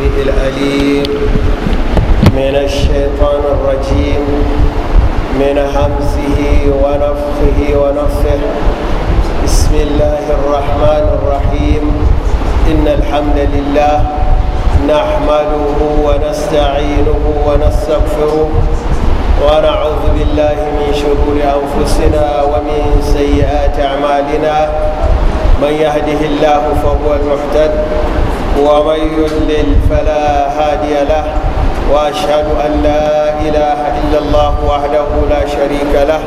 السميع العليم من الشيطان الرجيم من همزه ونفخه ونفخه بسم الله الرحمن الرحيم إن الحمد لله نحمده ونستعينه ونستغفره ونعوذ بالله من شرور أنفسنا ومن سيئات أعمالنا من يهده الله فهو المحتد ومن يضلل فلا هادي له واشهد ان لا اله الا الله وحده لا شريك له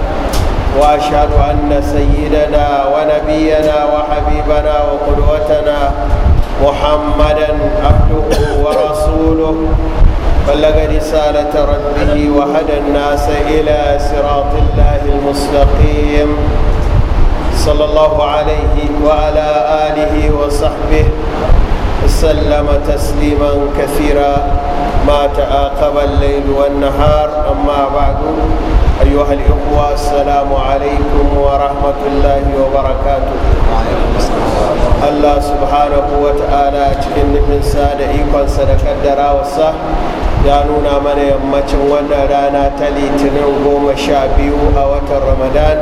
واشهد ان سيدنا ونبينا وحبيبنا وقدوتنا محمدا عبده ورسوله بلغ رسالة ربه وهدى الناس إلى صراط الله المستقيم صلى الله عليه وعلى آله وصحبه وسلم تسليما كثيرا ما تعاقب الليل والنهار أما بعد أيها الإخوة السلام عليكم ورحمة الله وبركاته الله سبحانه وتعالى cikin nufinsa da ikonsa da kaddarawarsa ya nuna mana yammacin wannan rana ta litinin goma sha biyu a watan ramadan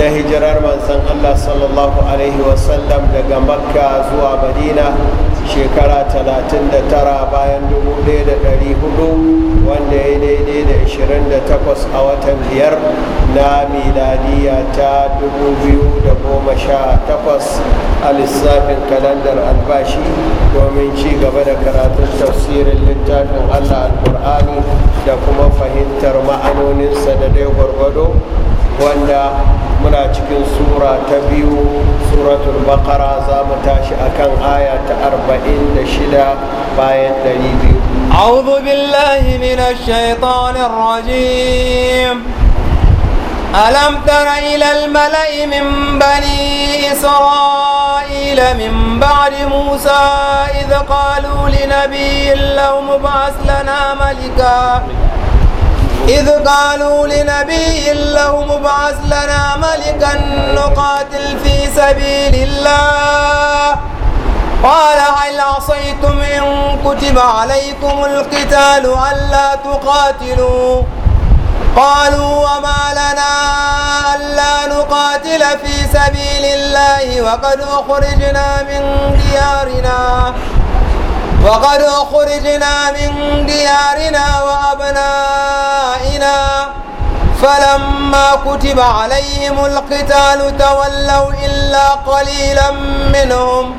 na hijirar manzon allah sallallahu alaihi wasallam daga makka zuwa madina shekara 39 bayan 1400 wanda ya daidai da 28 a watan biyar na miladiya ta 2018 a lissafin kalandar albashi domin ci gaba da karatun tafsirin littafin allah alkur'ani da kuma fahimtar ma'anoninsa da dai gwargwado wanda muna cikin sura ta biyu suratul bakara za mu tashi akan aya ta 46 bayan 200 a'udhu billahi minash shaitanir rajim alam tara ila al mala'i min bani isra'ila min ba'di musa idh qalu li nabiyyin lahum ba'ath lana malika إذ قالوا لنبي الله ابعث لنا ملكا نقاتل في سبيل الله قال هل عصيتم إن كتب عليكم القتال ألا تقاتلوا قالوا وما لنا ألا نقاتل في سبيل الله وقد أخرجنا من ديارنا وقد أخرجنا من ديارنا وأبنائنا فلما كتب عليهم القتال تولوا إلا قليلا منهم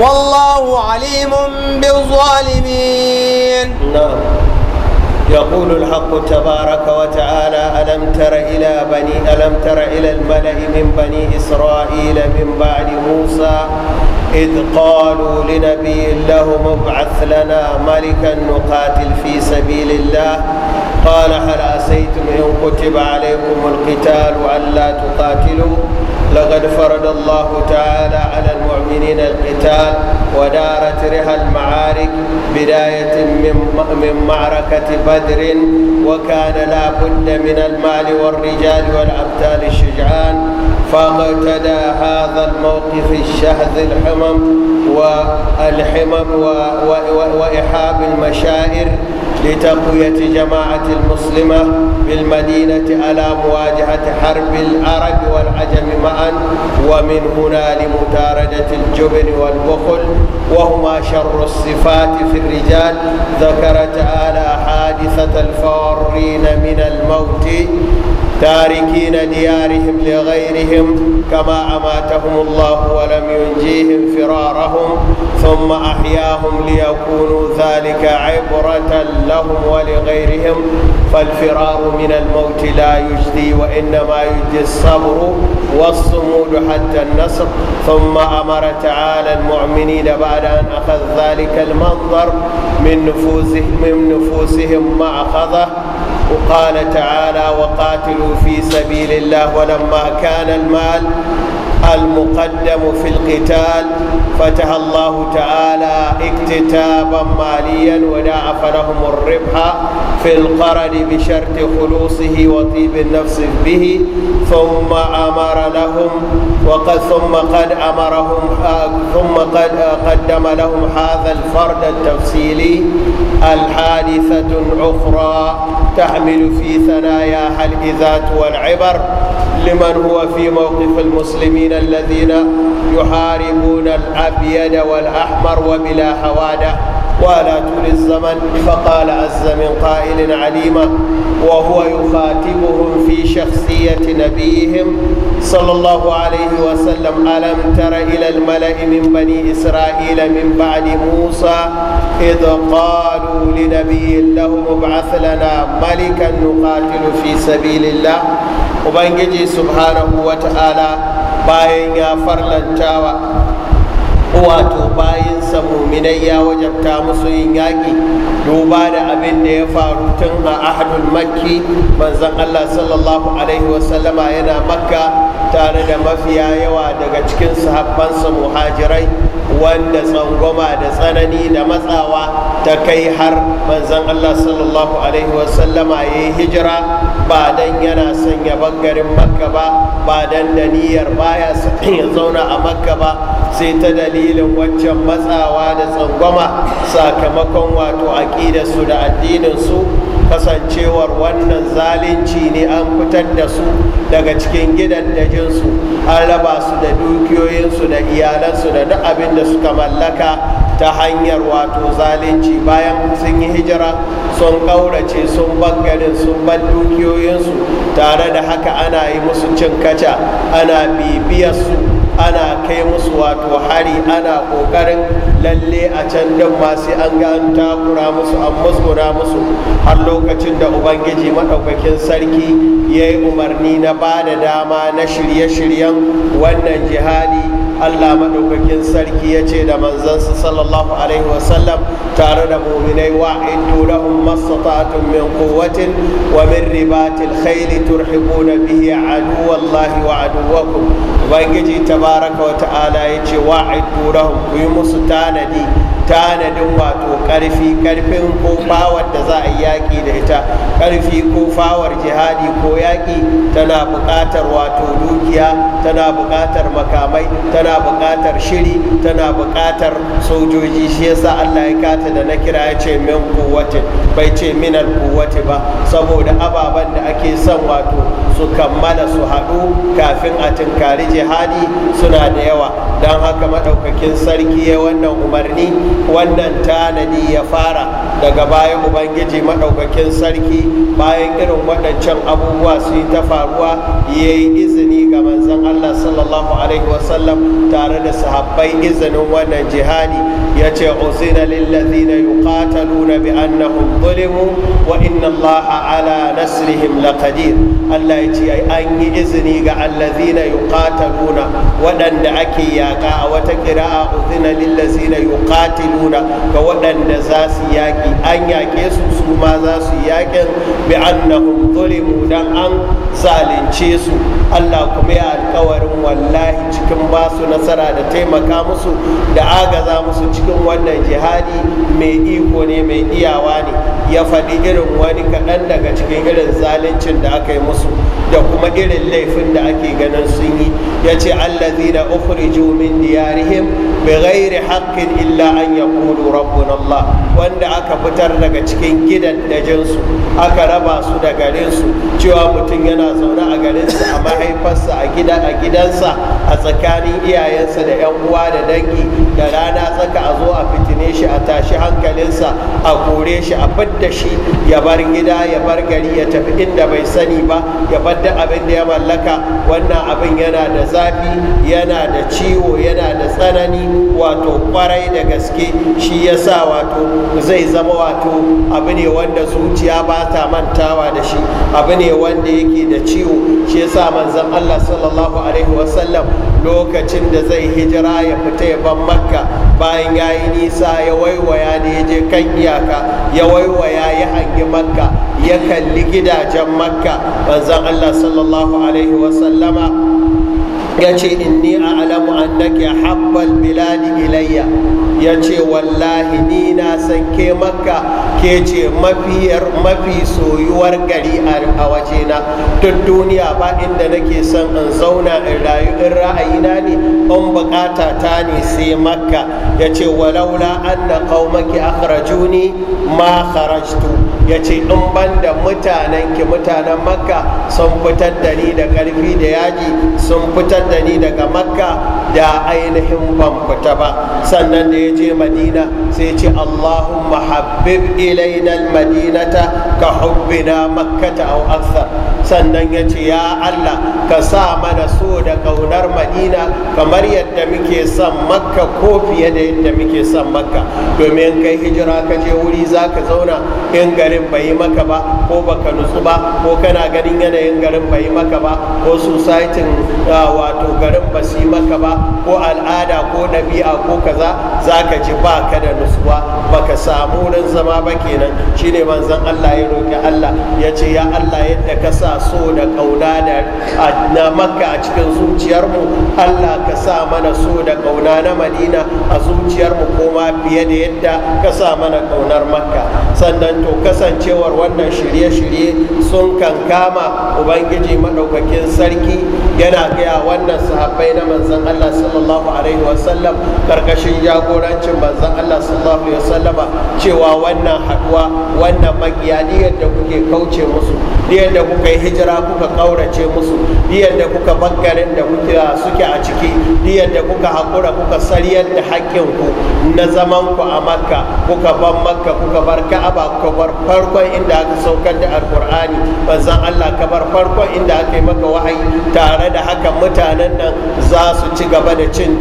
والله عليم بالظالمين نعم يقول الحق تبارك وتعالى ألم تر إلى بني ألم تر إلى الملأ من بني إسرائيل من بعد موسى إذ قالوا لنبي لهم مبعث لنا ملكا نقاتل في سبيل الله قال هل أسيتم إن كتب عليكم القتال ألا تقاتلوا لقد فرض الله تعالى على المؤمنين القتال ودارت رها المعارك بداية من, من معركة بدر وكان لا بد من المال والرجال والأبطال الشجعان فاقتدى هذا الموقف الشهذ الحمم والحمم وإحاب المشائر لتقوية جماعة المسلمة بالمدينة على مواجهة حرب العرب والعجم معا ومن هنا لمتاردة الجبن والبخل وهما شر الصفات في الرجال ذكر تعالى حادثة الفارين من الموت تاركين ديارهم لغيرهم كما أماتهم الله ولم ينجيهم فرارهم ثم أحياهم ليكونوا ذلك عبرة لهم ولغيرهم فالفرار من الموت لا يجدي وإنما يجدي الصبر والصمود حتى النصر ثم أمر تعالى المؤمنين بعد أن أخذ ذلك المنظر من نفوسهم, من نفوسهم ما أخذه وقال تعالى وقاتلوا في سبيل الله ولما كان المال المقدم في القتال فتح الله تعالى اكتتابا ماليا وضاعف لهم الربح في القرن بشرط خلوصه وطيب النفس به ثم امر لهم وقد ثم قد امرهم ثم قد قدم لهم هذا الفرد التفصيلي الحادثه اخرى تحمل في ثناياها الاذات والعبر لمن هو في موقف المسلمين الذين يحاربون الأبيض والأحمر وبلا حوادة ولا طول الزمن فقال عز من قائل عليما وهو يخاطبهم في شخصية نبيهم صلى الله عليه وسلم ألم تر إلى الملأ من بني إسرائيل من بعد موسى إذ قالوا لنبي لهم ابعث لنا ملكا نقاتل في سبيل الله ubangiji subhanahu wa ta'ala bayan ya farlantawa wato bayansa muminai ya wajabta musu yin yaƙi duba da abin da ya faru tun a ahadul makki manzan allah sallallahu alaihi wasallama yana makka tare da mafiya yawa daga cikin sahabbansa muhajirai wanda tsangwama da tsanani da matsawa ta kai har manzan allah sallallahu alaihi wasallama ya yi hijira ba dan yana son ya garin makka ba ba dan da niyyar baya ya zauna a makka ba sai ta dalilin waccan matsawa da tsangwama sakamakon wato aƙidarsu da addininsu kasancewar wannan zalunci ne an fitar da su daga cikin gidan dajinsu an raba su da dukiyoyinsu da iyalansu da duk abin da suka mallaka ta hanyar wato zalunci bayan sun yi hijira sun kaurace sun bangarin sun ban dukiyoyinsu tare da haka ana yi musu cin kaca ana bibiyar su ana kai musu wato hari ana kokarin lalle a can din masu an ga takura musu an musgura musu har lokacin da ubangiji maɗaukakin sarki ya yi umarni na ba da dama na shirye-shiryen wannan jihadi allah maɗaukakin sarki ya ce da manzansa sallallahu alaihi wasallam tare da muminai wa in lahum mastata'tum min kuwatin wa min ribatil khayli turhibuna bihi aduwallahi wa aduwakum ubangiji tabaraka wa ta'ala ya ce wa in lahum ku yi musu tanadi tanadin wato karfi karfin ko fawar da za a yi yaƙi da ita karfi ko fawar jihadi ko yaƙi tana buƙatar wato dukiya tana buƙatar makamai tana buƙatar shiri tana buƙatar sojoji shi yasa allah ya kata da na kira ya ce min kowace bai ce minal kuwati ba saboda ababen da ake son wato su kammala su haɗu kafin a tinkari jihadi suna da yawa don haka maɗaukakin sarki ya wannan umarni wannan tanadi ya fara daga bayan ubangiji maɗaukakin sarki bayan irin waɗancan abubuwa su yi ta faruwa ya yi izini ga manzan allah sallallahu alaihi wasallam tare da sahabbai izinin wannan jihadi ya ce uzina lillazina yuqataluna bi annahum zulimu wa inna allaha ala nasrihim laqadir allah ya ce an yi izini ga allazina luna waɗanda ake yaƙa a wata ƙira'a uzina lillazina luna ga waɗanda za su yaƙi yaƙi an yaƙe su su ma za su yi yaƙin bi annahum zulimu dan an zalunce su Allah kuma ya alƙawarin wallahi cikin ba su nasara da taimaka musu da agaza musu cikin wannan jihadi mai iko ne mai iyawa ne ya faɗi irin wani kaɗan daga cikin irin zaluncin da aka yi musu da kuma irin laifin da ake ganin sun yi ya ce allazi da ukhriju min diyarihim bighairi haqqin illa an yaqulu rabbuna Allah wanda aka fitar daga cikin gidan dajinsu aka raba su da garinsu cewa mutum yana zaune a garinsu a mahaifarsa a gida a gidansa a tsakanin iyayensa da yan uwa da dangi da rana saka a zo a fitine shi a tashi hankalinsa a kore shi a fidda shi ya bar gida ya bar gari ya tafi inda bai sani ba ya bar abin da ya mallaka wannan abin yana da zafi yana da ciwo yana da tsanani wato kwarai da gaske shi ya sa wato zai zama wato abu ne wanda zuciya ba ta mantawa da shi abu ne wanda yake da ciwo shi ya sa manzan allah sallallahu alaihi wasallam lokacin da zai hijira ya fita ya ban makka bayan ya yi nisa ya waiwaya ne ya je kan iyaka ya waiwaya ya hangi makka ya kalli gidajen makka manzan allah sallallahu alaihi wasallama ya ce inni a'lamu annaki habbal biladi ilayya ya ce wallahi ni na san ke makka ke ce mafi soyuwar gari a wajena duk duniya ba inda nake son in zauna in rayu in ra'ayina ne in bukata ta ne sai makka ya ce walaula anna qaumaki akhrajuni ma kharajtu ya ce in banda mutanen ki mutanen makka sun fitar da ni da karfi da yaji sun fitar da ni daga makka da ainihin ban fita ba sannan da ya je madina sai ce allahumma habib ilaina madinata ka hubbina makkata au aksa sannan ya ce ya allah ka sa mana so da ƙaunar madina kamar yadda muke son makka ko fiye da yadda muke son makka domin kai hijira ka je wuri za ka zauna in gari garin bai maka ba ko baka nutsu ba ko kana ganin yanayin garin bai maka ba ko societin wato garin ba su yi maka ba ko al'ada ko ɗabi'a ko kaza za ka ji ba ka da nutsuwa baka samu wurin zama ba kenan shine manzon Allah ya roƙi Allah ya ce ya Allah yadda ka sa so da ƙauna da na makka a cikin zuciyarmu Allah ka sa mana so da ƙauna na madina a zuciyarmu koma fiye da yadda ka sa mana ƙaunar makka sannan to kasa kasancewar wannan shirye-shirye sun kankama ubangiji maɗaukakin sarki yana gaya wannan sahabbai na manzan allah sallallahu alaihi wasallam karkashin jagorancin manzan allah sallallahu alaihi wasallama cewa wannan haɗuwa wannan makiya yadda kuke kauce musu yadda kuka yi hijira kuka ƙaurace musu yadda kuka bangarin da suke a ciki yadda kuka haƙura kuka sariyar da haƙƙinku na zaman ku a makka kuka ban makka kuka bar ka'aba kuka bar farkon inda aka saukar da alƙur'ani manzan Allah ka bar farkon inda aka maka wahayi tare da haka mutanen nan za su ci gaba da cin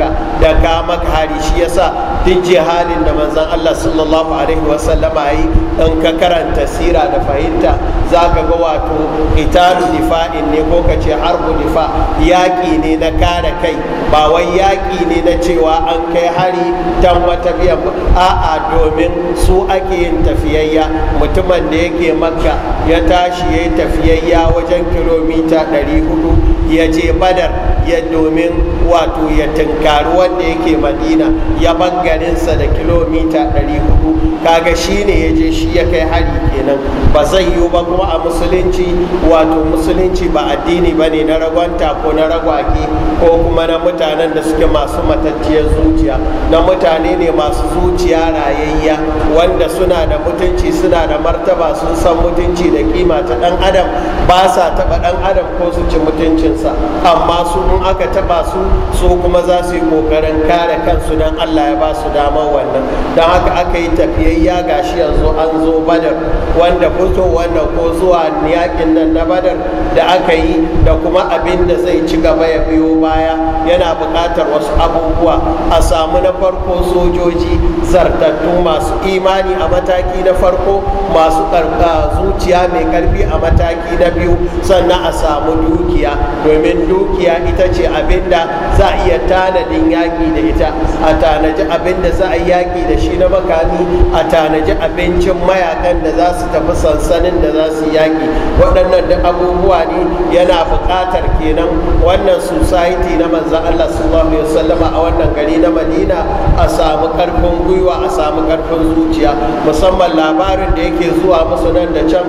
ka. da ka maka hari shi yasa duk jihalin da manzan Allah sallallahu alaihi wasallama yi in ka karanta sira da fahimta za ka ga wato italu difa'in ne ko ka ce harbu difa yaƙi ne na kare kai ba wai yaƙi ne na cewa an kai hari don wata biyan ba a'a domin su ake yin tafiyayya mutumin da yake makka ya tashi ya yi tafiyayya wajen kilomita 400 ya je badar ya domin wato ya tunkari wanda yake madina ya bangarinsa da kilomita 400 kaga shi ne ya je shi ya kai hari kenan ba zai yiwu ba kuma a musulunci wato musulunci ba addini ba ne na ragwanta ko na ragwaki ko kuma na mutanen da suke masu matacciyar zuciya na mutane ne masu zuciya rayayya wanda suna da mutunci suna da martaba sun san mutunci da kima ta dan adam ba sa taba dan adam ko su ci mutuncin sa amma su in aka taba su su kuma za su yi kokarin kare kansu don allah ya ba su dama wannan don haka aka yi tafiyayya gashi yanzu an zo badar wanda fito wannan ko zuwa yakin nan na badar da aka yi da kuma abin da zai ci gaba ya biyo baya yana buƙatar wasu abubuwa a samu na farko sojoji zartattu masu imani a mataki na farko masu zuciya mai karfi a mataki na biyu sannan a samu dukiya domin dukiya ita ce abinda za a iya tanadin yaƙi da ita a tanaji abinda za a yi yaƙi da shi na makami a tanaji abincin mayakan da za su tafi sansanin da za su yaƙi waɗannan da abubuwa ne yana buƙatar kenan wannan society na manzan Allah sallallahu alaihi wasallama a wannan gari na Madina a samu ƙarfin gwiwa a samu ƙarfin zuciya musamman labarin da yake zuwa musu nan da can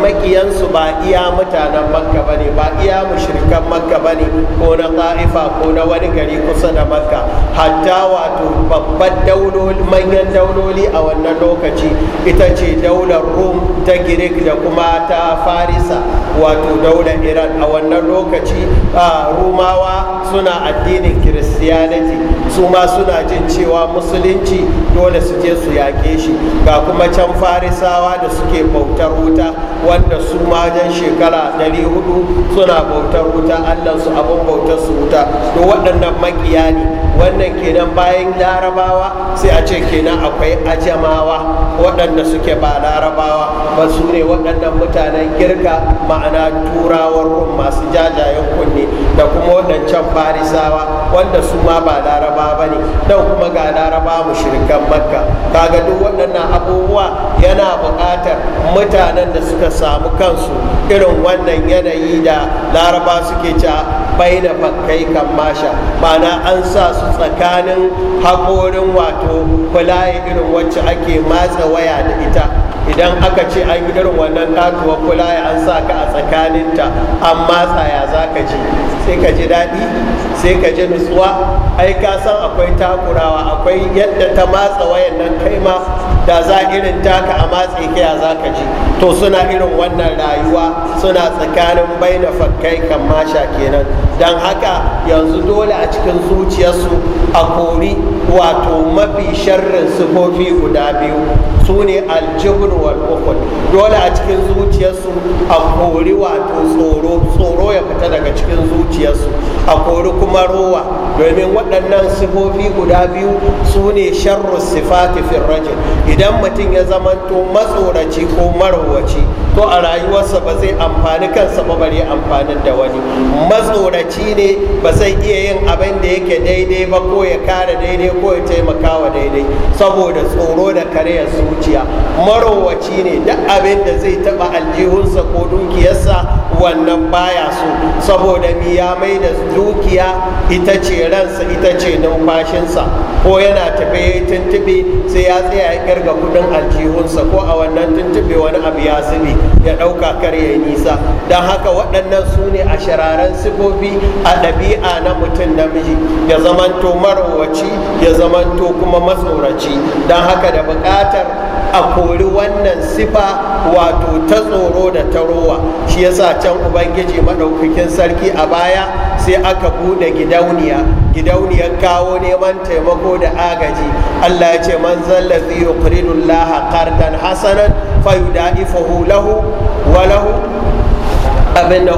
makiyansu ba iya mutanen makka bane ba iya mushi. mushrikan makka ba ne ko na ƙa'ifa ko na wani gari kusa da makka hatta wato babban dauloli manyan dauloli a wannan lokaci ita ce daular rum ta girik da kuma ta farisa wato daular iran a wannan lokaci rumawa suna addinin kiristiyaniti su ma suna jin cewa musulunci dole su je su yaƙe shi ga kuma can farisawa da suke bautar wuta wanda su ma jan shekara 400 suna bautar wuta su abin bautar su wuta to waɗannan makiya ne wannan kenan bayan larabawa sai a ce kenan akwai ajamawa waɗanda suke ba larabawa ba su ne waɗannan mutanen girka ma'ana turawar rum masu jajayen kunne da kuma waɗancan farisawa wanda su ma ba laraba ba ne nan kuma ga laraba mu shirkan makka kaga duk waɗannan abubuwa yana buƙatar mutanen da suka samu kansu irin wannan yanayi da laraba suke ca baina fakkai kan masha ma'ana an sa su tsakanin haƙorin wato kulaye irin wacce ake matsa waya da ita idan aka ce an yi irin wannan katuwa kulaye an sa ka a tsakaninta an matsa ya za ka ji sai ka ji daɗi sai ka ji nutsuwa ai ka san akwai takurawa akwai yadda ta matsa wayan nan kai ma da za irin taka a matse ka ya za ka ji to suna irin wannan rayuwa suna tsakanin bai da fakkai kan masha kenan don haka yanzu dole a cikin zuciyarsu a kori wato mafi sharrin sifofi guda biyu su ne aljibin wal'ukul dole a cikin zuciyarsu a kori wato tsoro tsoro ya fita daga cikin zuciyarsu a kori kuma rowa domin waɗannan sifofi guda biyu su ne sharru sifati firrajin idan mutum ya zamanto matsoraci ko marwaci ko a rayuwarsa ba zai amfani kansa ba bari amfanin da wani matsoraci ne ba zai iya yin abin da yake daidai ba ko ya kare daidai ko ya taimaka wa daidai saboda tsoro da kariyar zuciya marowaci ne duk abin da zai taba aljihunsa ko dukiyarsa wannan baya so saboda mi ya mai da dukiya ita ce ransa ita ce numfashinsa ko yana tafe ya tuntube sai ya tsaya ya kirga kudin aljihunsa ko a wannan tuntube wani abu ya zube ya ɗauka kar ya nisa don haka waɗannan su ne a shararen sifofi a ɗabi'a na mutum namiji ya zamanto marowaci ya zamanto kuma matsoraci don haka da buƙatar a kori wannan sifa wato ta tsoro da ta rowa shi yasa can ubangiji maɗaukakin sarki a baya sai aka buɗe gidauniya gidauniyar kawo neman taimako da agaji allah ya ce man zallafi yuqridu laha qardan hasanan fayudaifahu lahu wa lahu abin da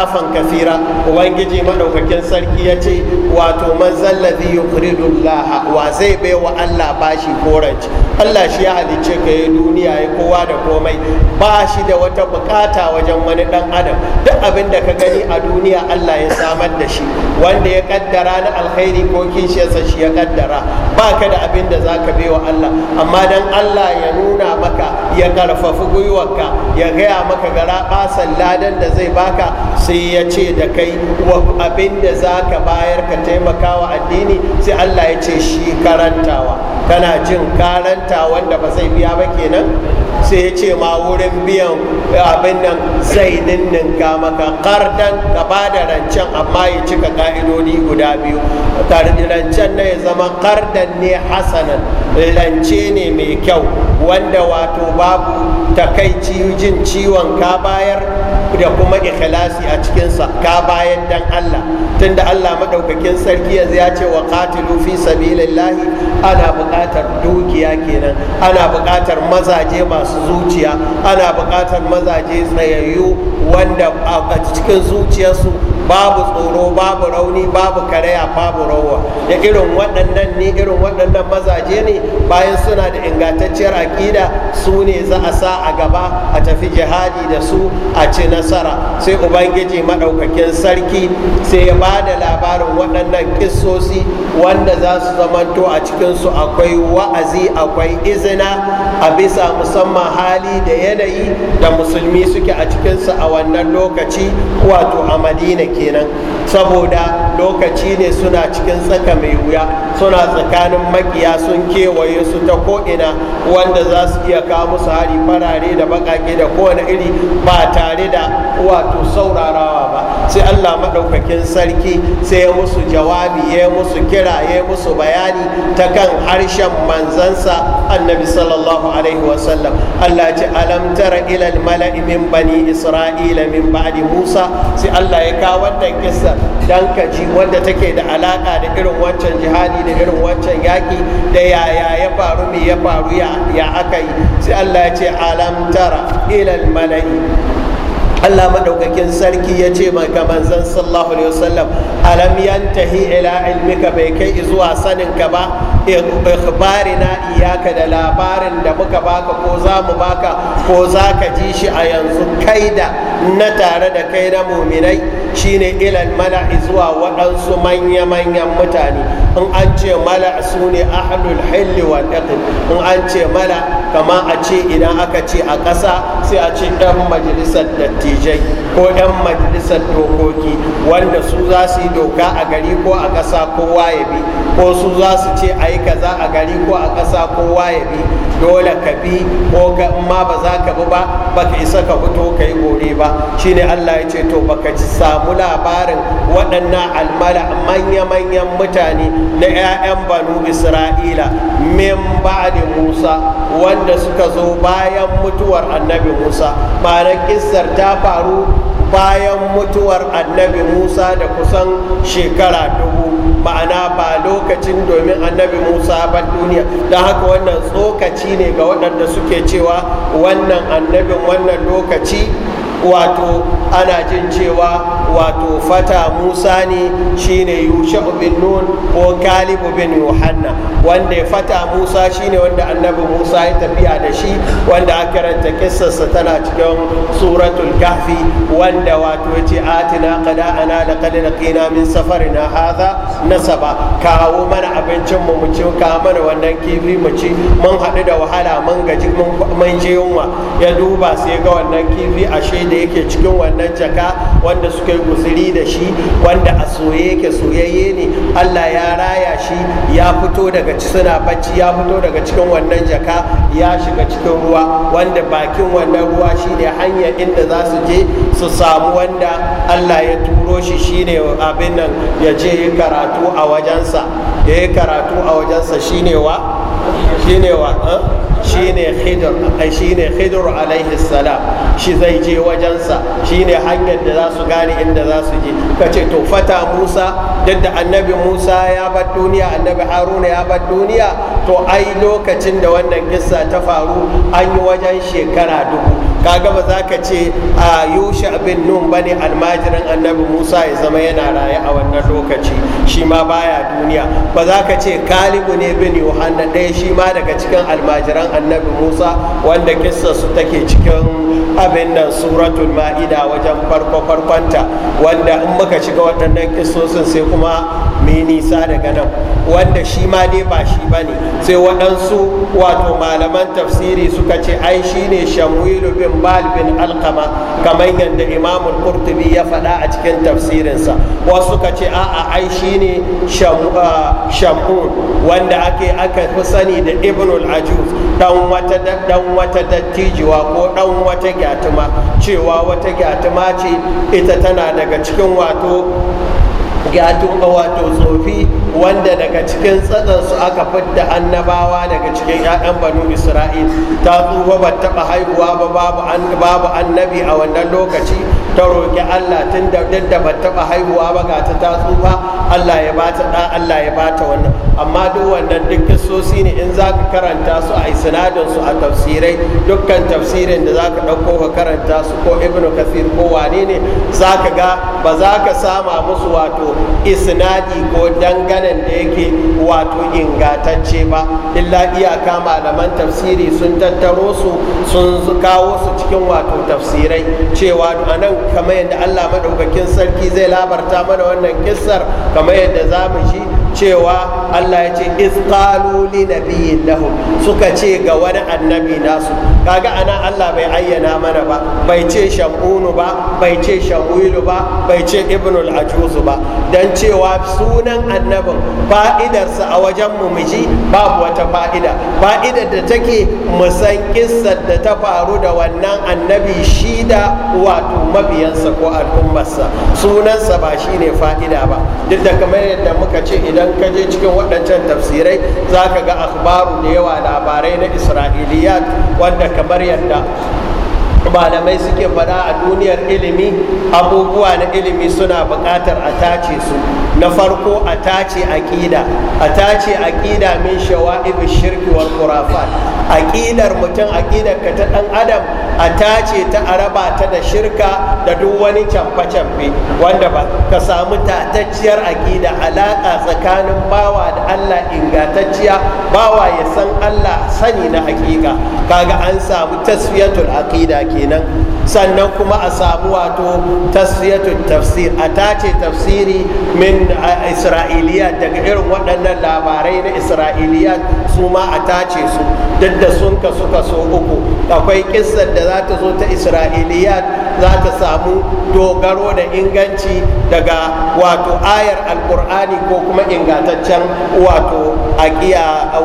afan kafira ubangiji madaukakin sarki ya ce wato mazallabi yukridullah wa zai bai wa allah bashi koranci allah shi ya halice ka yi duniya ya kowa da komai ba shi da wata bukata wajen wani dan adam duk abin da ka gani a duniya allah ya samar da shi wanda ya kaddara na alkhairi ko kishiyarsa shi ya kaddara ba ka da abin da za ka bai wa allah amma dan allah ya nuna maka ya karfafi gwiwarka ya gaya maka gara basan ladan da zai baka sai ya ce da kai abin da za ka bayar ka taimaka wa addini sai allah ya ce shi karantawa kana jin karanta wanda ba zai biya ba kenan sai ya ce ma wurin biyan abin nan zai ga maka kardan ka ba da rancen amma ya cika ka'idodi guda biyu rancen na ya zama kardan ne hasanan lance ne mai kyau wanda wato babu takaici jin ciwon ka bayar da kuma ikhlasi a cikinsa ka bayan dan Allah tunda Allah madaukakin sarki yanzu ya ce wa qatilu fi sabilillahi ana buƙatar dukiya kenan ana buƙatar mazaje masu zuciya ana buƙatar mazaje tsayayyu wanda a cikin zuciyarsu babu tsoro babu rauni babu karaya babu rawa ya irin waɗannan ne irin waɗannan mazaje ne bayan suna da ingantacciyar aƙida su ne za a sa a gaba a tafi jihadi da su a ci nasara sai ubangiji maɗaukakin sarki sai ya ba da labarin waɗannan ƙisosi wanda za su zamanto a cikinsu akwai wa'azi akwai izina a bisa musamman hali da yanayi da musulmi suke a cikinsu a wannan lokaci wato a madina kenan saboda lokaci ne suna cikin tsaka mai wuya suna tsakanin makiya sun kewaye su ta ko'ina wanda za su iya kawo musu hari farare da bakake da kowane iri ba tare da wato saurarawa ba sai allah maɗaukakin sarki sai ya musu jawabi ya musu kira ya musu bayani ta kan harshen manzansa annabi sallallahu alaihi wasallam allah ce alam tara ilal mala'imin bani isra'ila min ba'di musa sai allah ya kawo wannan kissa dan ka ji wanda take da alaka da irin wancan jihadi da irin wancan yaki da yaya ya faru me ya faru ya aka yi sai Allah ya ce alam tara ilal mala'i Allah madaukakin sarki ya ce ga manzon sallallahu alaihi wasallam alam yantahi ila ilmika bai kai zuwa sanin ka ba ikhbarina iyaka da labarin da muka baka ko za mu baka ko za ka ji shi a yanzu kai da na tare da kai na muminai shine ilal mala'i zuwa waɗansu manya-manyan mutane in an ce mala su ne ahlul hilli wa ɗaƙin in an ce mala kama a ce idan aka ce a ƙasa sai a ce ɗan majalisar dattijai ko ɗan majalisar dokoki wanda su za su yi doka a gari ko a ƙasa ko waye bi ko su za su ce a yi kaza a gari ko a ƙasa ko waye bi dole ka bi ko ma ba za ka bi ba ba ka isa ka fito ka yi gore ba ba shine Allah ya ce to baka ci samu labarin waɗannan almala manya-manyan mutane na 'ya'yan banu isra'ila min ba'ali musa wanda suka zo bayan mutuwar annabi musa na kissar ta faru bayan mutuwar annabi musa da kusan shekara dubu ma'ana ba lokacin domin annabi musa ba duniya don haka wannan tsokaci ne ga waɗanda suke cewa wannan annabin wannan lokaci wato ana jin cewa wato fata musa ne shine yusha'u bin nun ko galibu bin yohanna wanda fata musa shine wanda annabi musa ya tafiya da shi wanda aka karanta kissarsa tana cikin suratul kahfi wanda wato ya ce atina kada ana da kada da kina min safarina haza nasaba kawo mana abincin mu mu ci kawo mana wannan kifi mu ci mun haɗu da wahala mun gaji mun je yunwa ya duba sai ga wannan kifi ashe da yake cikin wannan jaka wanda suka yi guziri da shi wanda a soye yake soyayye ne allah ya raya shi ya fito daga suna bacci ya fito daga cikin wannan jaka ya shiga cikin ruwa wanda bakin wannan ruwa shi ne hanyar inda za su je su samu wanda allah ya turo shi shi ne abin nan ya je yi karatu a wajensa ya karatu a wajensa wa wa eh? shine khidr ai shine khidr alaihi salam shi zai je wajensa shine hanyar da za su gane inda za su je kace to fata musa yadda annabi musa ya bar duniya annabi haruna ya bar duniya to ai lokacin da wannan kissa ta faru an yi wajen shekara dubu kaga ba za ka ce a yusha bin nun bane almajirin annabi musa ya zama yana raye a wannan lokaci shi ma baya duniya ba za ka ce kalibu ne bin yohanna ɗaya shi ma daga cikin almajiran annabi musa wanda kissa su take cikin abin nan suratun ma'ida wajen farko farkonta wanda in muka shiga waɗannan kissosin sai kuma mai nisa daga nan wanda shi ma dai ba shi ba ne sai waɗansu wato malaman tafsiri suka ce ai shi ne shamwilu bin rummal bin alkama kamar yadda imamul qurtubi ya faɗa a cikin tafsirinsa wasu ka ce a'a ai ne ah, shamun wanda ake aka fi sani da ibnul ajuz dan wata dan wata dattijuwa ko dan wata gyatuma cewa wata gyatuma ce ita tana daga cikin wato ga wato tsofi wanda daga cikin su aka fidda annabawa daga cikin 'ya'yan banu isra'il ta tsufa ba taɓa haihuwa ba babu annabi a wannan lokaci ta roƙi Allah tun da duk da bata taɓa haihuwa ba ga ta ta tsufa Allah ya bata ɗa Allah ya bata wannan amma duk wannan duk kisosi ne in za ka karanta su a sinadin su a tafsirai dukkan tafsirin da za ka ɗauko ka karanta su ko ibnu kasir ko wane ne za ka ga ba za ka sama musu wato isnadi ko danganan da yake wato ingantacce ba illa iyaka malaman tafsiri sun tattaro su sun kawo su cikin wato tafsirai cewa a nan kamar yadda Allah maɗaukakin sarki zai labarta mana wannan kissar kamar yadda za mu shi cewa Allah ya ce isqalu li nabiyin lahum suka ce ga wani annabi nasu kaga ana Allah bai ayyana mana ba bai ce shamunu ba bai ce shawilu ba bai ce ibnul ajuzu ba dan cewa sunan annabin fa'idarsa a wajen mu miji babu wata fa'ida fa'idar da take musan kissar da ta faru da wannan annabi shida wato mabiyansa ko al'ummarsa sunansa ba shine fa'ida ba duk da kamar yadda muka ce idan idan ka je cikin waɗancan tafsirai za ka ga akhbaru da yawa labarai na isra'iliyat wanda kamar yadda malamai suke faɗa a duniyar ilimi abubuwa na ilimi suna buƙatar a tace su na farko a tace aƙida a tace aƙida min shawa'ibu shirki wal khurafat aƙidar mutum aƙidar ka ta ɗan adam a tace ta a raba ta da shirka da duk wani camfe-camfe wanda ba ka samu tatacciyar aƙida alaƙa tsakanin bawa da allah ingantacciya bawa ya san allah sani na hakika kaga an samu tasfiyatul aƙida kenan sannan kuma a samu wato tasriyatun tafsir a tace tafsiri min isra'iliya daga irin waɗannan labarai na isra'iliya su ma a tace su duk da sun ka suka so uku akwai kissar da za ta zo ta isra'iliya za ta samu dogaro da inganci daga wato ayar alkur'ani ko kuma ingantaccen wato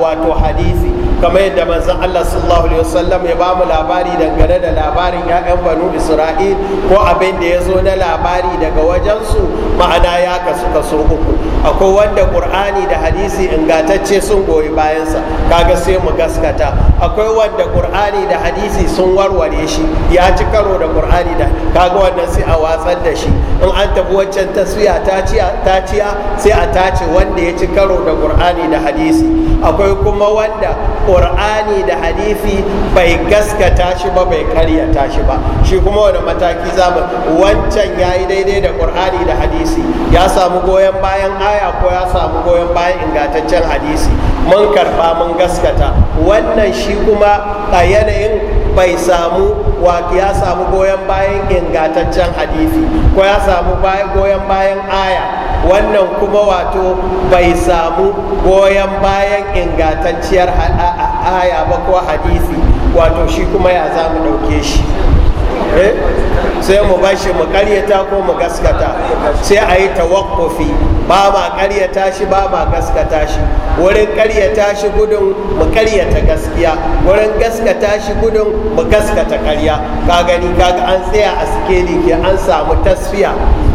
wato hadisi kamar yadda manzon Allah sallallahu alaihi wasallam ya bamu labari dangane da labarin ya'yan banu Isra'il ko abin da ya zo na labari daga wajensu ma'ana ya kasu kaso uku akwai wanda ƙur'ani da hadisi ingantacce sun goyi bayansa kaga sai mu gaskata akwai wanda ƙur'ani da hadisi sun warware shi ya ci karo da ƙur'ani da kaga wannan sai a watsar da shi in an tafi waccan taswiya ta ciya sai a tace wanda ya ci karo da ƙur'ani da hadisi akwai kuma wanda ƙur'ani da hadisi bai gaskata shi ba bai karyata shi ba shi kuma wani mataki zamu wancan ya yi daidai da ƙur'ani da hadisi ya samu goyon bayan aya ko ya samu goyon bayan ingantaccen hadisi mun karba mun gaskata wannan shi kuma a yanayin bai samu ya samu goyon bayan ingantaccen hadisi ko ya samu goyon bayan aya wannan kuma wato bai samu goyon bayan ingantacciyar aya ba ko hadisi wato shi kuma ya zamu ɗauke shi Eh? sai mu bashi mu karyata ko mu gaskata sai a yi tawakkufi ba ma karyata shi ba ma gaskata shi wurin karyata shi gudun mu karyata gaskiya wurin gaskata shi gudun mu gaskata karya ka gani kaga an tsaya a sikeli ke an samu tasfiya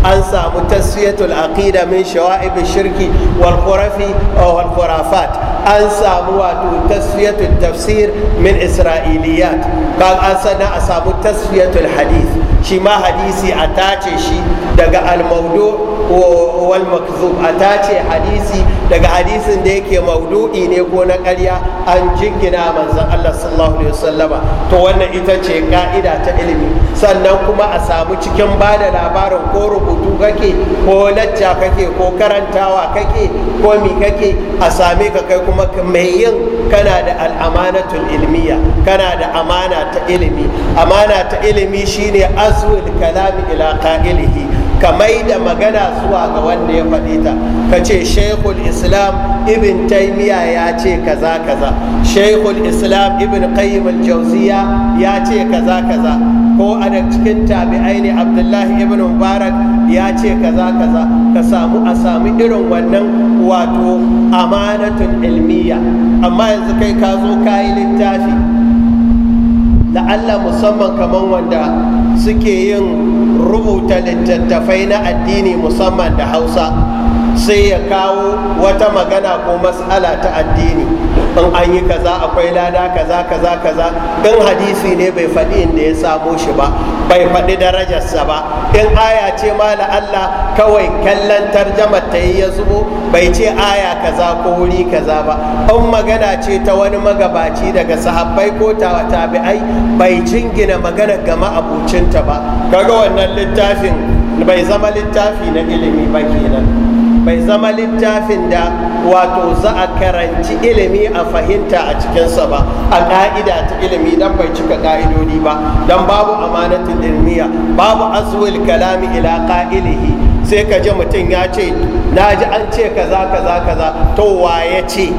an samu tasfiyatul aqida min shawa'ib shirki wal khurafi wal khurafat an samu wato tasfiyatul tafsir min isra'iliyat kan an sana a samu tasfiyatul hadith shi ma hadisi a tace shi daga al-maudu wal makzub a tace hadisi daga hadisin da yake maudu'i ne ko na karya an jingina manzan Allah sallallahu alaihi wasallama to wannan ita ce ka'ida ta ilimi sannan kuma a samu cikin ba da labarin ko rubutu kake ko lacca kake ko karantawa kake ko mi kake a same ka kai kuma mai yin kana da al'amanatul ilmiya kana da amana ta ilimi amana ta ilimi shine azwul kalami ila qa'ilihi ka mai da magana zuwa ga wanda ya faɗi ta ka ce shaikhul islam ibn taimiya ya ce kaza kaza shaikhul islam ibn qayyim al-jauziya ya ce kaza kaza ko a cikin tabi'ai ne abdullahi ibn mubarak ya ce kaza kaza ka samu a samu irin wannan wato amanatun ilmiya amma yanzu kai ka zo kayi littafi Da Allah musamman kamar wanda suke yin rubuta littattafai na addini musamman da hausa sai ya kawo wata magana ko mas'ala ta addini in an yi kaza akwai lada kaza kaza kaza in hadisi ne bai faɗi inda ya samo shi ba bai faɗi darajarsa ba in aya ce ma Allah kawai kallon tarjamar ta yi ya zubo bai ce aya kaza ko wuri kaza ba in magana ce ta wani magabaci daga sahabbai ko tabi'ai bai jingina magana gama abucinta ba kaga wannan littafin bai zama littafi na ilimi ba kenan bai zama littafin da wato za a karanci ilimi a fahimta a cikinsa ba a ƙa'ida ta ilimi don bai cika ƙa'idodi ba don babu amanatin ilmiya babu aswil kalami ila ka'ilihi sai ka ji mutum ya ce na ji an ce kaza kaza kaza to wa ya ce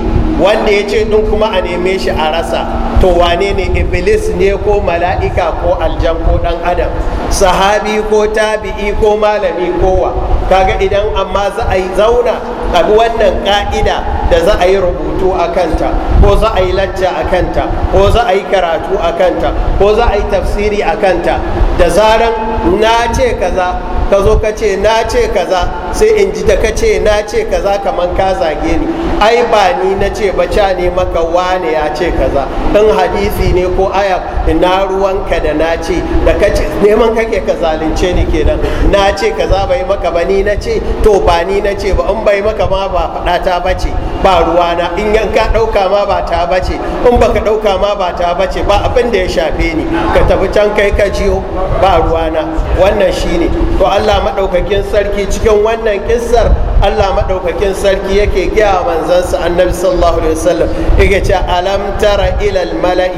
wanda ya ce ɗin kuma a neme shi a rasa to wane ne iblis ne ko mala'ika ko aljan ko ɗan adam sahabi ko tabi'i ko malami kowa kaga idan amma za a yi zauna a wannan ka'ida da za a yi rubutu a kanta ko za a yi lacca a kanta ko za a yi karatu a kanta ko za a yi tafsiri a kanta da zaran na ce kaza ka zo ka ce na ce kaza sai in ji da ka ce na ce kaza kamar ka zage ni ai ba ni na ce ba ca ne maka wane ya ce kaza in hadisi ne ko aya ina ruwanka da na ce da ka ce neman kake ka zalunce ni kenan na ce kaza bai maka ba ni na ce to ba ni na ce ba in bai maka ma ba faɗa ta ba ce ba ruwana in yanka ɗauka ma ba ta bace in baka ɗauka ma ba ta bace ba abin da ya shafe ni ka tafi can kai ka jiyo ba ruwana wannan shine to Allah maɗaukakin sarki cikin wannan kissar Allah maɗaukakin sarki yake gaya manzansa annabi sallallahu alaihi wasallam yake ce alam tara ilal mala'i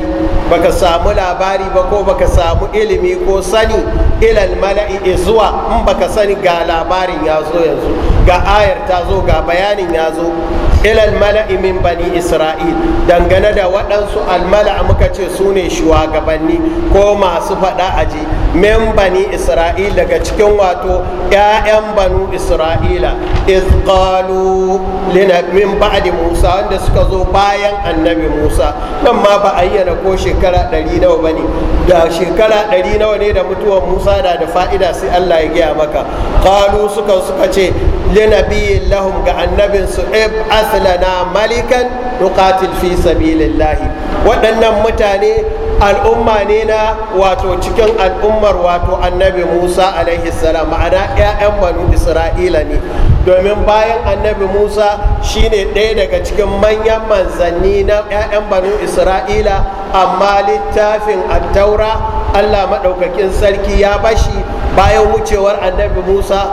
baka samu labari ba ko baka samu ilimi ko sani ilal mala'i zuwa in baka sani ga labarin ya zo yanzu ga ayar ta zo ga bayanin ya zo ilal mala'i min bani isra'il dangane da waɗansu almala muka ce su ne shugabanni ko masu faɗa aji min israila daga cikin wato 'ya'yan banu isra'ila izqalu min ba'di musa wanda suka zo bayan annabi musa nan ma ba ayyana ko shekara ɗari nawa ba ne da shekara ɗari nawa ne da mutuwar musa da da fa'ida sai allah ya gaya maka Kalu suka suka ce linabiyin lahum ga annabin su ib aslana malikan nukatil fi sabilillahi waɗannan mutane al'umma ne na wato cikin al'ummar wato annabi musa alaihi salam ma'ana 'ya'yan banu isra'ila ne domin bayan annabi musa shine ɗaya daga cikin manyan manzanni na 'ya'yan banu isra'ila amma littafin taura allah maɗaukakin sarki ya bashi bayan wucewar annabi musa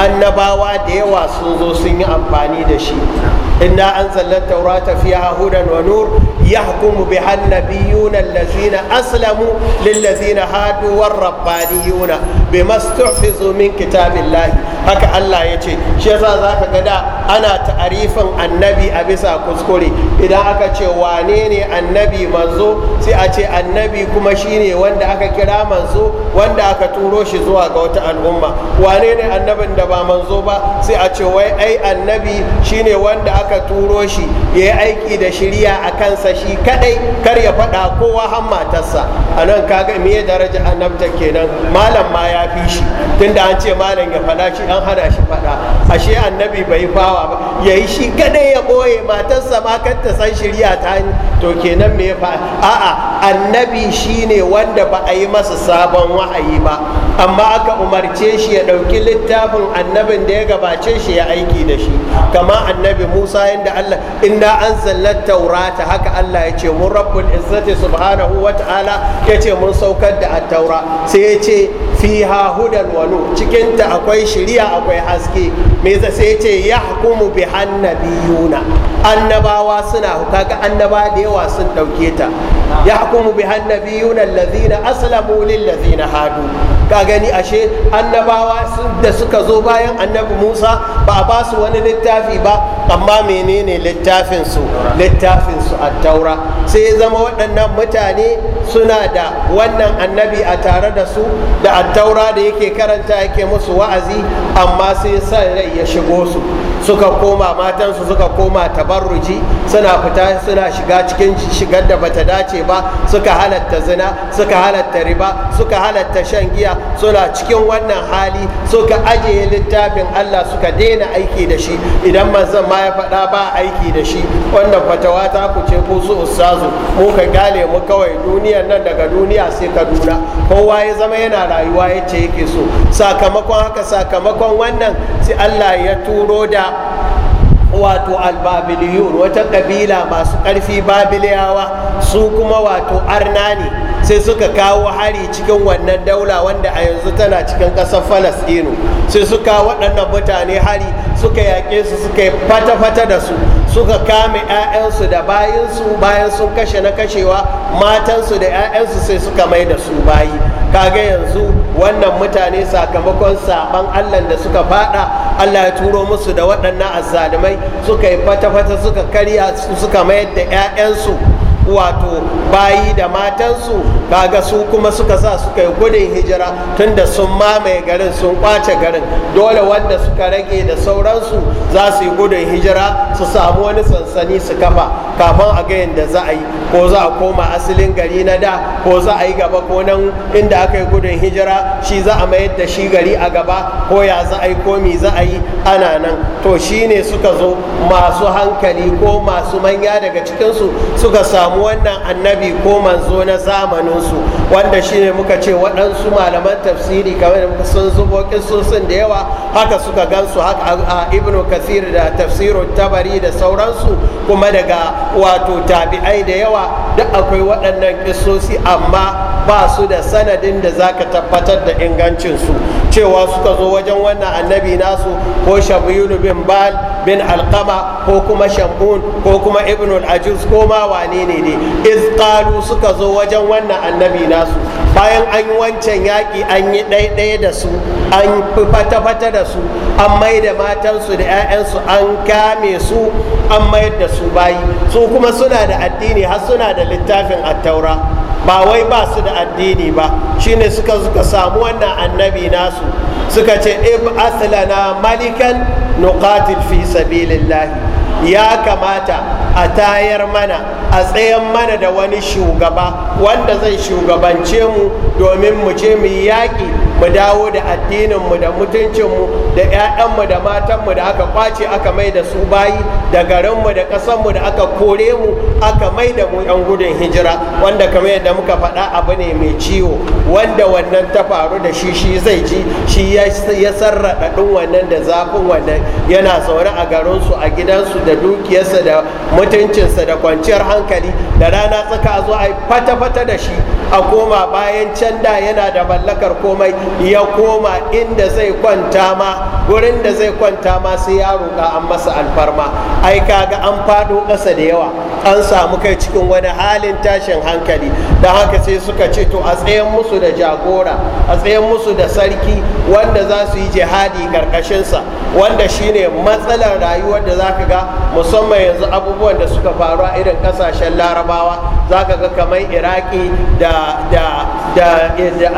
annabawa da yawa sun zo sun yi amfani da shi inna an zallar taurata fiya hudan wa nur يحكم بها النبيون الذين أسلموا للذين هادوا والربانيون بما استحفظوا من كتاب الله هكا الله يتي شيخا ذاك قدا أنا تعريفا النبي أبسا كسكولي إذا أكا وانيني النبي منزو سيأتي النبي كمشيني وند أكا كرا منزو وند أكا توروشي زوا قوتا الأمة وانيني النبي دبا منزو با سيأتي وي أي النبي شيني وند أكا توروشي يأيكي دا شريا أكنسا shi kadai kar ya faɗa kowa har matarsa a nan kaga me daraja annabta kenan malam ma ya fi shi tunda an ce malam ya fada shi an hana shi fada ashe annabi bai fawa ba yayi shi kadai ya boye matarsa ma kar ta san shirya ta to kenan me ya fa a'a annabi shine wanda ba a yi masa sabon wahayi ba amma aka umarce shi ya ɗauki littafin annabin da ya gabace shi ya aiki da shi kama annabi musa yadda allah inda an zallar taurata haka Allah ya ce mun rabbul izzati subhanahu wa ta'ala ya ce mun saukar da attaura sai ya ce fiha hudan wa nur cikin ta akwai shiriya akwai haske me za sai ya ce yahkumu bi annabiyuna annabawa suna kaga annaba da yawa sun dauke ta Ya bi biha annabiyuna allazina aslamu lil ladzina hadu ka gani ashe annabawa da suka zo bayan annabi Musa ba a basu wani littafi ba amma menene littafinsu littafinsu littafin taura sai zama waɗannan mutane suna da wannan annabi a tare da su da at-taura da yake karanta yake musu wa'azi amma sai san rai ya shigo su suka koma matansu suka koma tabarruci suna fita suna shiga cikin shigar da bata dace ba suka halatta zina suka halatta riba suka halatta shan giya suna cikin wannan hali suka ajiye littafin Allah suka daina aiki da shi idan manzon ma ya faɗa ba aiki da shi wannan fatawa ta ku ce ku su ustazu mu ka gale mu kawai duniyar nan daga duniya sai kaduna kowa ya zama yana rayuwa yace yake so sakamakon haka sakamakon wannan sai Allah ya turo da wato albabiliyun wata kabila masu ƙarfi babiliyawa su kuma wato arna ne sai suka kawo hari cikin wannan daula wanda a yanzu tana cikin ƙasar Falasɗinu. sai suka waɗannan mutane hari suka yaƙe su suka yi fata-fata da su suka kame 'ya'yansu da bayansu bayan sun kashe na kashewa matansu da 'ya'yansu sai suka mai da su bayi kaga yanzu wannan mutane sakamakon saban allah da suka fada allah ya turo musu da waɗannan azzalumai suka yi fata-fata suka karya suka mayar da 'ya'yansu wato bayi da matansu kaga su kuma suka sa suka yi gudun hijira tunda sun mamaye garin sun kwace garin dole wanda suka rage da sauransu za su yi gudun hijira su samu wani sansani su kafa kafin a ga yadda za a yi ko za a koma asalin gari na da ko za a yi gaba ko nan inda aka yi gudun hijira shi za a mayar da shi gari a gaba ko ya za a yi ko mi za a yi ana nan to shi ne suka zo masu hankali ko masu manya daga cikinsu suka samu wannan annabi ko manzo na zamaninsu wanda shi ne muka ce waɗansu malaman tafsiri kamar da muka sun zubo sun da yawa haka suka gansu haka ibnu kasir da tafsirun tabari da sauransu kuma daga wato tabi'ai da yawa duk akwai waɗannan kisosi amma ba su da sanadin da za ka tabbatar da ingancinsu cewa suka zo wajen wannan annabi nasu ko shamiyunu bin bal bin alqama ko kuma shamun ko kuma ibnul ajus ko ma wane ne ne iz suka zo wajen wannan annabi nasu bayan an yi wancan yaƙi an yi ɗaiɗaya da su an fata-fata da su an mai da matansu da 'ya'yansu an kame su an mayar da su bayi su kuma suna da addini har suna da littafin attaura ba wai ba su da addini ba shine suka suka samu wannan annabi nasu suka ce ib aslana malikan nuqatil fi sabilillahi ya kamata a tayar mana a tsayan mana da wani shugaba wanda zai shugabance mu domin mu je mu yaƙi mu dawo da addininmu da mutuncinmu da 'ya'yanmu da matanmu da aka kwace aka mai da su bayi da garinmu da ƙasanmu da aka kore mu aka mai da mu 'yan gudun hijira wanda kamar yadda muka faɗa abu ne mai ciwo wanda wannan ta faru da shi shi zai ji shi ya sarraɗa ɗin wannan da zafin wannan yana zaune a garinsu a gidansu da dukiyarsa da mutuncinsa da kwanciyar hankali da rana tsaka zo a yi fata-fata da shi a koma bayan can da yana da mallakar komai ya koma inda zai kwanta ma gurin da zai kwanta ma sai ya roƙa an masa alfarma ai kaga an fado ƙasa da yawa an samu kai cikin wani halin tashin hankali da haka sai suka ce to a tsayen musu da jagora a tsayen musu da sarki wanda za su yi jihadi ƙarƙashinsa wanda shine matsalar rayuwar da za ka ga musamman yanzu abubuwan da suka faru a irin ƙasashen larabawa za ka ga kamar iraki da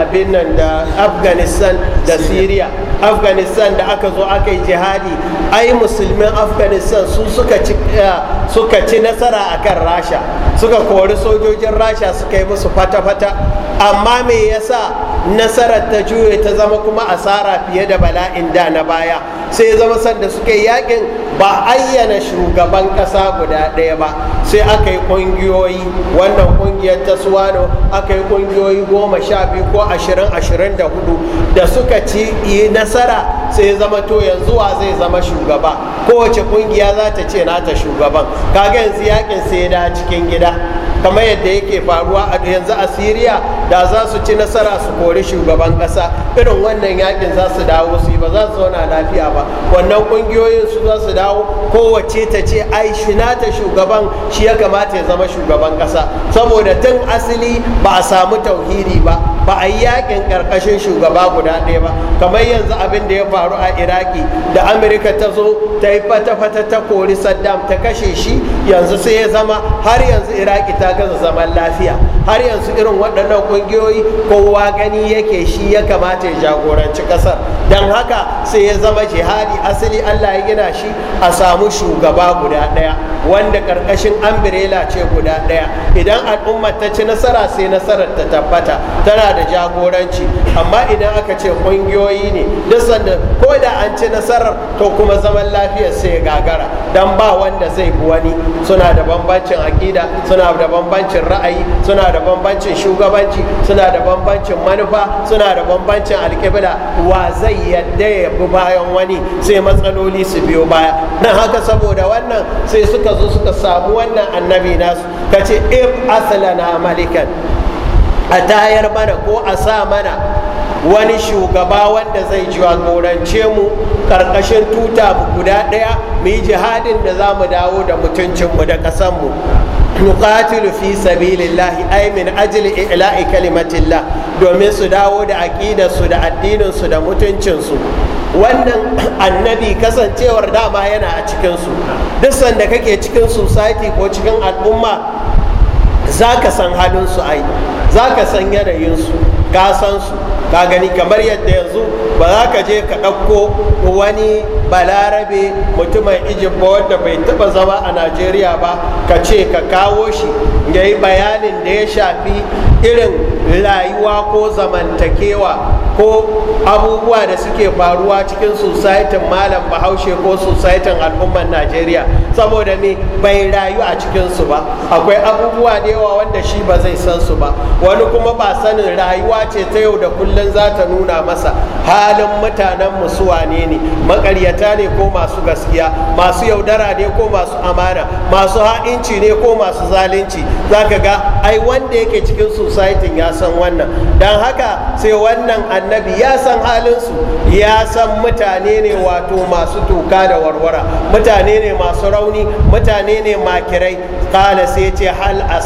abin nan da afghanistan da syria afghanistan da aka zo aka yi jihadi ai musulmin afghanistan su suka ci eh, nasara akan rasha suka kori sojojin rasha suka yi musu fata-fata amma me yasa nasarar ta juye ta zama kuma asara fiye da bala'in da na baya sai zama sanda suka yi yakin ba ayyana shugaban ƙasa guda ɗaya ba sai aka yi ƙungiyoyi wannan ƙungiyar ta suwano aka yi ƙungiyoyi goma sha biyu ko ashirin ashirin da hudu da suka ci yi nasara sai zama to yanzu wa zai zama shugaba kowace ƙungiya za ta ce nata shugaban kaga yanzu yakin sai da cikin gida kamar yadda yake faruwa a yanzu a syria da za su ci nasara su kori shugaban kasa irin wannan yakin za su dawo su yi ba za su zauna lafiya ba wannan ƙungiyoyin su za su dawo kowace ta ce ai shi nata shugaban shi ya kamata ya zama shugaban kasa saboda tun asali ba a samu tauhidi ba ba a yi yakin karkashin shugaba guda ɗaya ba kamar yanzu abin da ya faru a iraki da amurka ta zo ta yi fata-fata ta kori saddam ta kashe shi yanzu sai ya zama har yanzu iraki ta gaza zaman lafiya har yanzu irin waɗannan ƙungiyoyi kowa gani yake shi ya kamata ya jagoranci ƙasar don haka sai ya zama jihadi asali allah ya gina shi a samu shugaba guda ɗaya wanda ƙarƙashin ambrela ce guda ɗaya idan al'ummar ta ci nasara sai nasarar ta tabbata tana da jagoranci amma idan aka ce ƙungiyoyi ne duk sanda ko da an ci nasarar to kuma zaman lafiyar sai gagara dan ba wanda zai bi wani suna da bambancin aƙida suna da bambancin ra'ayi suna da bambancin shugabanci suna da bambancin manufa suna da bambancin alƙibla wa zai yadda ya bi bayan wani sai matsaloli su biyo baya na haka saboda wannan sai suka zo suka samu wannan annabi nasu ka ce if asalana malikan a tayar mana ko a sa mana wani shugaba wanda zai jagorance mu karkashin tuta guda ɗaya mu yi jihadin da za mu dawo da mutuncinmu da ƙasanmu nuqatilu fi sabilillahi ai min ajli i'la'i kalimatillah domin su dawo da aqidarsu da addininsu da mutuncinsu wannan annabi kasancewar dama yana a cikinsu duk sanda kake cikin society ko cikin al'umma za ka san halinsu ai za ka san yanayinsu ka san su ka gani kamar yadda yanzu ba za ka je ka ɗauko wani balarabe mutumin Ijibba wanda bai taɓa zama a najeriya ba ka ce ka kawo shi ya yi bayanin da ya shafi irin rayuwa ko zamantakewa ko abubuwa da suke faruwa cikin sosaitin malam bahaushe ko sosaitin al'ummar najeriya saboda me bai rayu a cikinsu ba akwai abubuwa da yawa wanda shi ba zai san su ba wani kuma ba sanin rayuwa ce ta yau da kullum za ta nuna masa halin mutanen musuwa ne ne makaryata ne ko masu gaskiya masu yaudara ne ko masu amana masu ha'inci ne ko masu zalunci zaka ga ai wanda yake cikin sosaitin ya san wannan don haka sai wannan annabi ya san halinsu ya san mutane ne wato masu toka da warwara mutane ne masu rauni mutane ne makirai kala sai ce hal a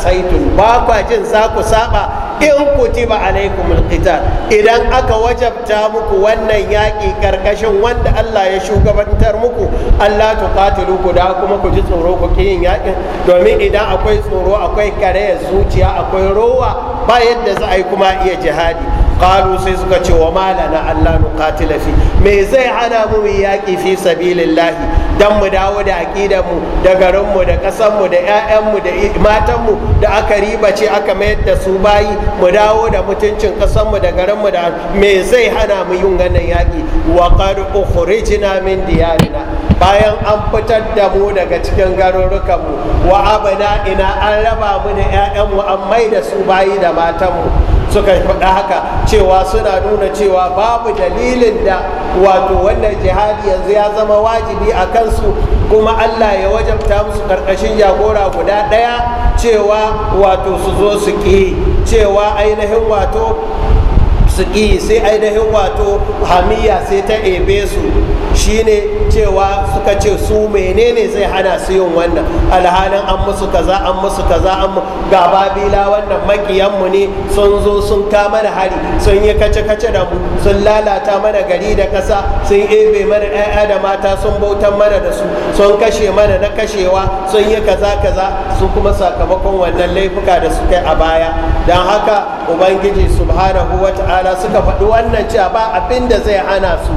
ba kwa jin za ku saba in kutiba alaikumul qital idan aka wajabta muku wannan yaƙi karkashin wanda Allah ya shugabantar muku Allah tuqatilu ku da kuma ku ji tsoro ku ki yin yaƙin domin idan akwai tsoro akwai karayar zuciya akwai rowa ba yadda za a yi kuma iya jihadi sai ce wa cewa malana Allah nuqatila fi me zai hana mu yaƙi fi sabilillahi dan mu dawo da aqidar mu da garin mu da kasar mu da ƴaƴan mu da matan mu da aka riba ce aka mayar da su bayi mu dawo da mutuncin kasanmu da garinmu da me zai hana mu yin wannan yaƙi wa qad ukhrijna min diyarina bayan an fitar da mu daga cikin garurukanmu wa abana ina an raba mu da 'ya'yanmu an mai da su bayi da matanmu suka faɗa haka cewa suna nuna cewa babu dalilin da wato wannan jihadi yanzu ya zama wajibi a kansu kuma allah ya wajabta musu ƙarƙashin jagora guda ɗaya cewa wato su zo su ƙi cewa ainihin wato su ƙi sai ainihin wato hamiya sai ta ebe su shine cewa suka ce su menene zai hana su yin wannan alhalin an musu kaza an musu kaza an ga babila wannan makiyanmu ne sun zo sun kama da hari sun yi kace-kace da mu sun lalata mana gari da kasa sun ebe mana ɗaya da mata sun bautan mana da su sun kashe mana na kashewa sun yi kaza-kaza su kuma sakamakon wannan laifuka da suka yi a baya don haka ubangiji subhanahu wa ta'ala suka faɗi wannan cewa ba abin da zai hana su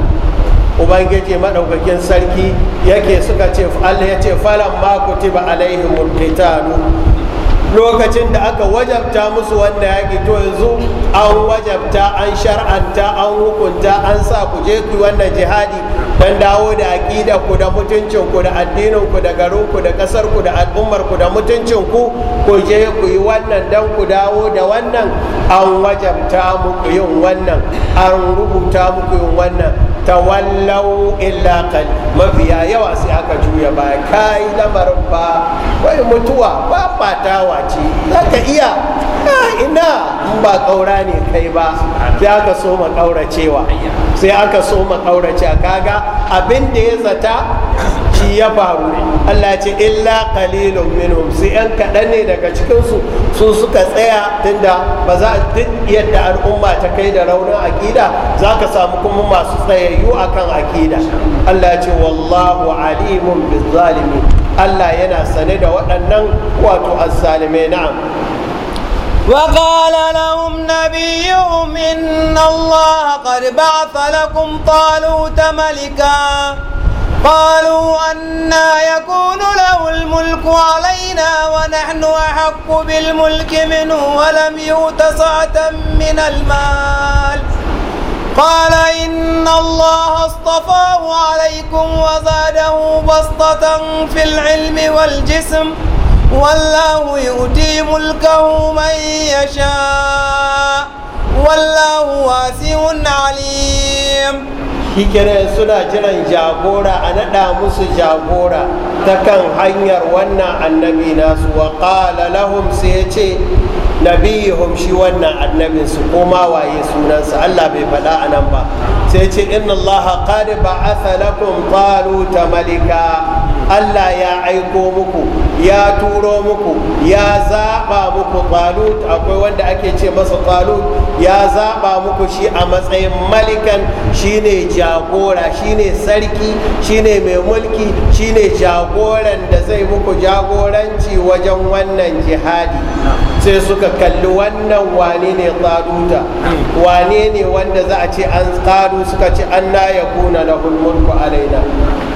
ubangiji maɗaukakin sarki yake suka ce allah ya ce falan ma kutiba alaihim alqitalu lokacin da aka wajabta musu wanda yaƙi to yanzu an wajabta an shar'anta an hukunta an sa ku je ku wannan jihadi dan dawo da ku da mutuncinku da addininku da garinku da ƙasarku da al'ummarku da mutuncin ku je ku yi wannan dan ku dawo da wannan an wajabta muku yin wannan an rubuta muku yin wannan tawallau illa qal mafiya yawa sai aka juya baya kai lamarin ba wai mutuwa ba fatawa ce zaka iya ah, ina in ba kaura ne kai ba sai aka so ma kauracewa sai aka so ma kauracewa kaga abin da ya zata shi ya faru Allah ce illa qalilun minhum sai yan kaɗan ne daga cikinsu su suka tsaya tunda ba za duk yadda al'umma ta kai da raunin akida za ka samu kuma masu tsayayyu akan aƙida Allah ce wallahu alimun bizzalimi Allah yana sane da waɗannan wato azzalimai na'am وقال لهم نبيهم إن الله قد بعث لكم طالوت ملكا قالوا أنا يكون له الملك علينا ونحن أحق بالملك منه ولم يؤت سعة من المال قال إن الله اصطفاه عليكم وزاده بسطة في العلم والجسم والله يؤتي ملكه من يشاء والله واسع عليم shi suna jiran jagora a naɗa musu jagora ta kan hanyar wannan annabi nasu wa ƙala lahum sai ya ce nabiyuhum shi wannan annabin su koma waye sunansa Allah bai faɗa a nan ba sai ce inna Allah qad ba'atha lakum ta malika Allah ya aiko muku ya turo muku ya zaɓa muku talut akwai wanda ake ce masa talut ya zaɓa muku shi a matsayin malikan shine jagora shine sarki shine mai mulki shine jagoran da zai muku jagoranci wajen wannan jihadi sai suka kalli wannan wane ne taluta wane ne wanda za a ce an tsadu suka ce an na ya kuna na hulmurku alaina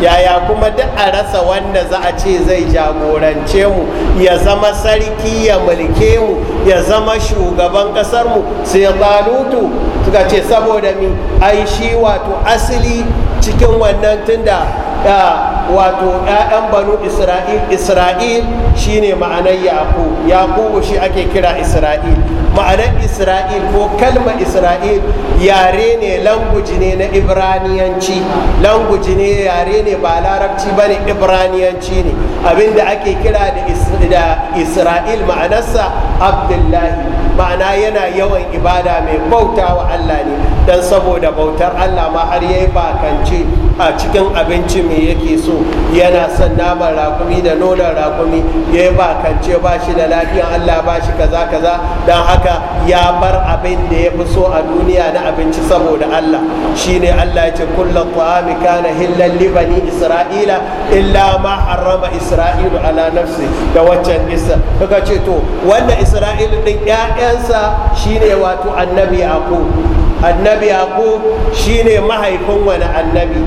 yaya kuma duk a rasa wanda za a ce zai jagorance mu ya zama sarki ya mulke mu ya zama shugaban kasar mu sai talutu suka ce saboda mi ai shi wato asali cikin wannan tunda ah, wato 'ya'yan banu isra'il isra'il shine ma'anar yaƙub yaƙubu shi ake kira isra'il ma'anar isra'il ko kalma isra'il yare ne languji ne na ibraniyanci languji ne yare ne ba larabci ba ne ibraniyanci ne abinda ake kira da isra'il ma'anarsa abdullahi ma'ana yana yawan ibada mai bauta wa allah ne Idan saboda bautar allah ma har ya yi bakance a cikin abinci mai yake so yana son naman rakumi da nonon rakumi ya yi bakance ba shi da lafiyan allah ba shi kaza kaza don haka ya bar abin da ya fi so a duniya na abinci saboda allah ne allah ya ce kullum ta'ami kana hillan libani isra'ila illa ma harrama isra'ilu ala nafsi da waccan isa kaga ce to wannan isra'ilu din 'ya'yansa shine wato annabi yaqub annabi yaqub shine mahaifin wani annabi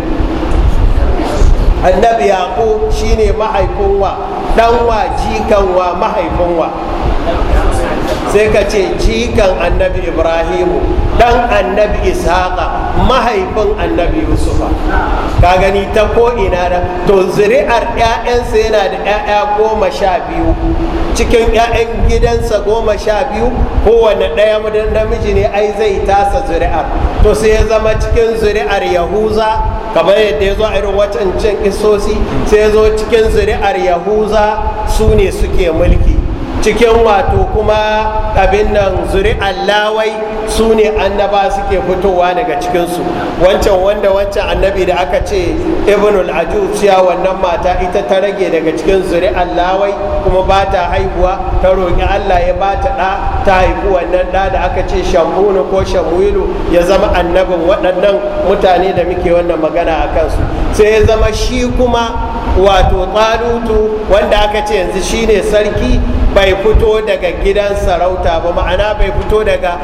annabi yaqub shine mahaifin wa dan wa jikan wa mahaifin wa sai ka ce jikan annabi ibrahimu dan annabi ishaqa mahaifin annabi yusufa ka gani ta koina da to zuri'ar 'ya'yansa yana da 'ya'ya goma sha biyu cikin 'ya'yan gidansa goma sha biyu kowane ɗaya namiji ne ai zai tasa zuri'ar to sai ya zama cikin zuri'ar yahuza kamar yadda ya zo a irin wacan isosi sai ya zo cikin zuri'ar yahuza su ne suke mulki cikin wato kuma abin nan zuri allawai su ne annaba suke fitowa daga cikinsu wancan wanda wancan annabi da aka ce ibnul ajuciya wannan mata ita ta rage daga cikin zuri allawai kuma ba ta haihuwa ta roƙi allah ya ba ta ɗa ta haifi wannan ɗa da aka ce shamunu ko shamwilu ya zama annabin waɗannan mutane da muke wannan magana a kansu sai ya zama shi kuma wato tsalutu wanda aka ce yanzu shine sarki bai fito daga gidan sarauta ba ma'ana bai fito daga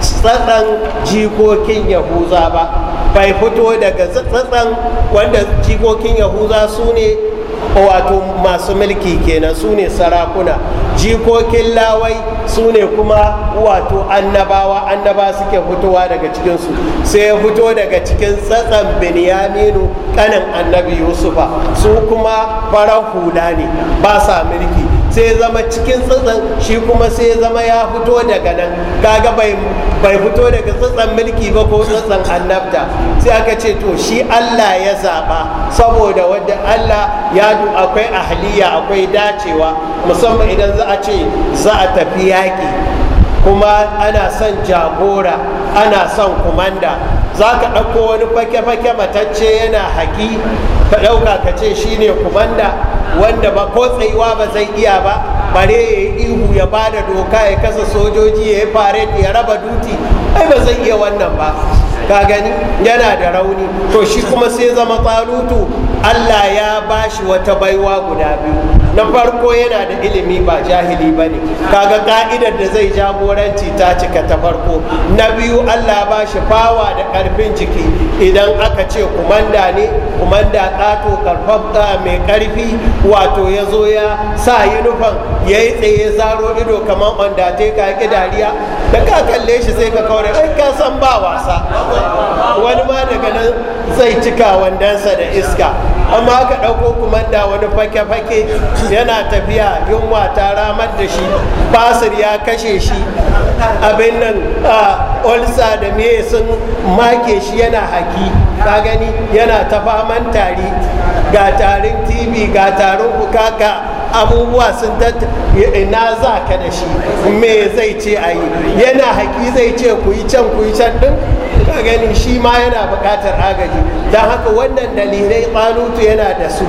tsatsan jikokin yahuza ba bai fito daga tsatsan wanda jikokin yahuza su ne wato masu mulki kenan su ne sarakuna jikokin lawai su ne kuma wato annabawa annaba suke fitowa daga cikinsu sai ya fito daga cikin tsatsan binyaminu kanin annabi yusufa su kuma farar hula ne ba sa mulki sai zama cikin tsitsin shi kuma sai zama ya fito daga nan kaga bai bai fito daga tsitsin mulki ba ko tsitsin annabta sai aka ce to shi Allah ya zaba saboda wanda Allah ya du akwai ahliya akwai dacewa musamman idan za a ce za a tafi yaki kuma ana son jagora ana son kumanda za ka ɗauko wani fake-fake matacce yana haƙi ka ɗauka ka ce shi ne kumanda wanda ba ko tsayuwa ba zai iya ba bare ya yi ihu ya ba da doka ya kasa sojoji ya yi faret ya raba duti ai ba zai iya wannan ba ka gani yana da rauni to shi kuma sai zama tsarutu Allah ya ba shi wata baiwa guda biyu na farko yana da ilimi ba jahili ba ne kaga ka'idar da zai jagoranci ta cika ta farko na biyu Allah ba shi fawa da karfin ciki idan aka ce kumanda ne kumanda ƙato karfafa mai karfi wato ya zo ya sa yunifan ya yi tsaye zaro ido kamar wanda te ka ki dariya da ka kalle shi sai ka kaure ai ka san ba wasa wani ma daga nan zai cika wandansa da iska amma aka ɗauko da wani fake-fake yana tafiya yunwa ta ramar da shi basir ya kashe shi abin nan a olsa da me sun make shi yana haki ka gani yana ta faman tari ga tarin tv ga tarin bukaka abubuwa sun ina za ka da shi me zai ce a yi yana haki zai ce ku yi can ku yi can ɗin ka gani shi ma yana bukatar agaji don haka wannan dalilai ƙalutu yana da su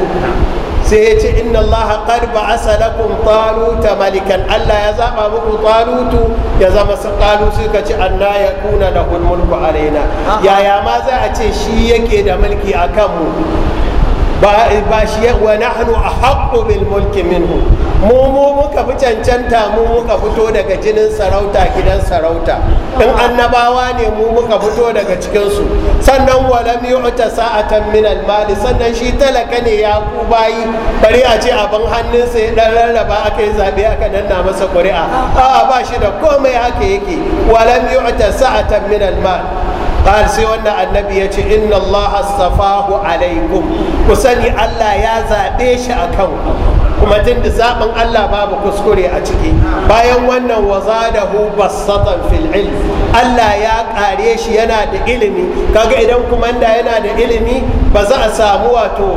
sai ya ce inna Allah ba a malikan Allah ya zaɓa muku ƙalutu ya zama su qalu suka ce anna yakuna lahul a alaina yaya ma za a ce shi yake da mulki akan mu ba shi wa nahnu ahqqu bil mulki minhu mu mu muka fi cancanta mu muka fito daga jinin sarauta gidan sarauta in annabawa ne mu muka fito daga cikin su sannan lam yu'ta sa'atan min al mal sannan shi talaka ne ya ku bayi bari a ce abin hannun sa ya dan rarraba aka yi zabe aka danna masa ƙuri'a a'a ba shi da komai haka yake Wa lam yu'ta sa'atan min al mal قال سيوانا النبي يتي إن الله اصطفاه عليكم وسني الله يا زابيش أكون kuma tun da zaɓin Allah babu kuskure a ciki bayan wannan waza da hu basatan fil Allah ya ƙare shi yana da ilimi kaga idan kumanda yana da ilimi ba za a samu wato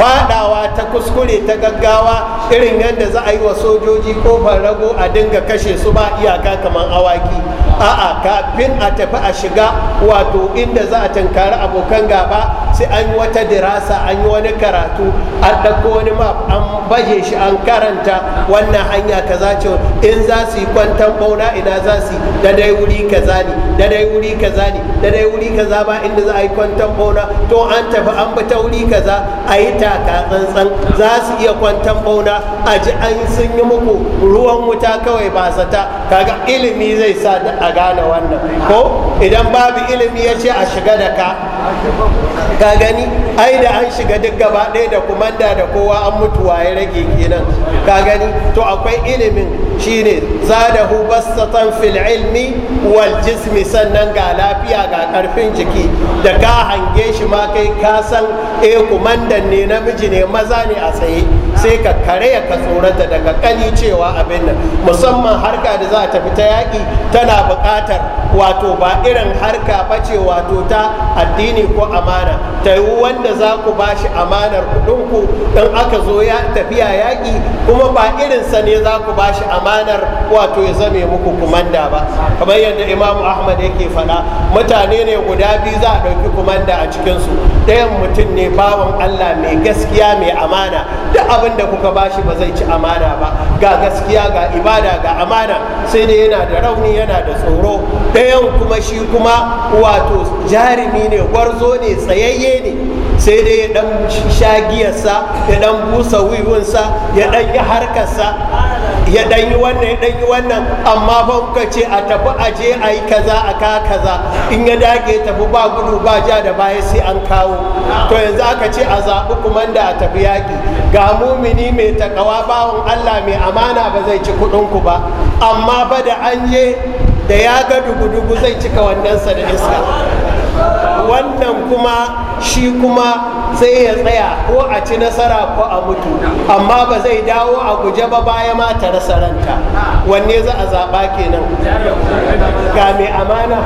fadawa ta kuskure ta gaggawa irin yadda za a yi wa sojoji ko rago a dinga kashe su ba iyaka kamar awaki a'a kafin a tafi a shiga wato inda za a tankari abokan gaba sai an yi wata dirasa an yi wani karatu a ɗauko wani map an baje shi an karanta wannan hanya za ce in za su yi kwantan bauna ina za su da dai wuri ka za ne da dai wuri ka za ne da dai wuri ka za ba inda za a yi kwantan bauna to an tafi an bi ta wuri kaza a yi taka tsantsan za su iya kwantan bauna a ji an sun yi muku ruwan wuta kawai ba ta kaga ilimi zai sa a gane wannan ko idan babu ilimi ya ce a shiga da ka ka gani ai da an shiga duk gaba ɗaya da kumanda da kowa an mutu waye rage kenan ka gani to akwai ilimin shine zadahu bastatan fil ilmi wal jismi sannan ga lafiya ga karfin jiki da ka hange shi ma kai ka san eh kumandan ne namiji ne maza ne a tsaye sai ka ya ka tsorata daga kani cewa abin nan musamman harka da za ta fi ta yaƙi tana buƙatar wato ba irin harka ba wato ta addini ko amana ta yi wanda za ku ba shi amanar kuɗinku in aka zo ya tafiya yaƙi kuma ba irin sa ne za ku ba shi amanar wato ya zame muku kumanda ba kamar yadda imamu ahmad yake faɗa mutane ne guda biyu za a ɗauki kumanda a cikinsu ɗayan mutum ne bawan Allah mai gaskiya mai amana duk abin da kuka ba shi ba zai ci amana ba ga gaskiya ga ibada ga amana sai dai yana da rauni yana da tsoro dayan kuma shi kuma wato jarumi ne gwarzo ne tsayayye ne sai dai ya dan shagiyarsa ya dan busa wiwunsa ya dan yi harkarsa ya dan yi wannan ya dan yi wannan amma ba kuka ce a tafi a je a yi kaza a ka kaza in ya dage tafi ba gudu ba ja da baya sai an kawo to yanzu aka ce a zaɓi kumanda a tafi yaki ga mumini mai takawa bawon Allah mai amana ba zai ci ku ba amma ba da an je da ya ga dugu-dugu zai cika wannan sa da iska wannan kuma shi kuma sai ya tsaya ko a ci nasara ko a mutu amma ba zai dawo a guje ba baya ma ta rasa ranta wanne za a zaɓa kenan ga mai amana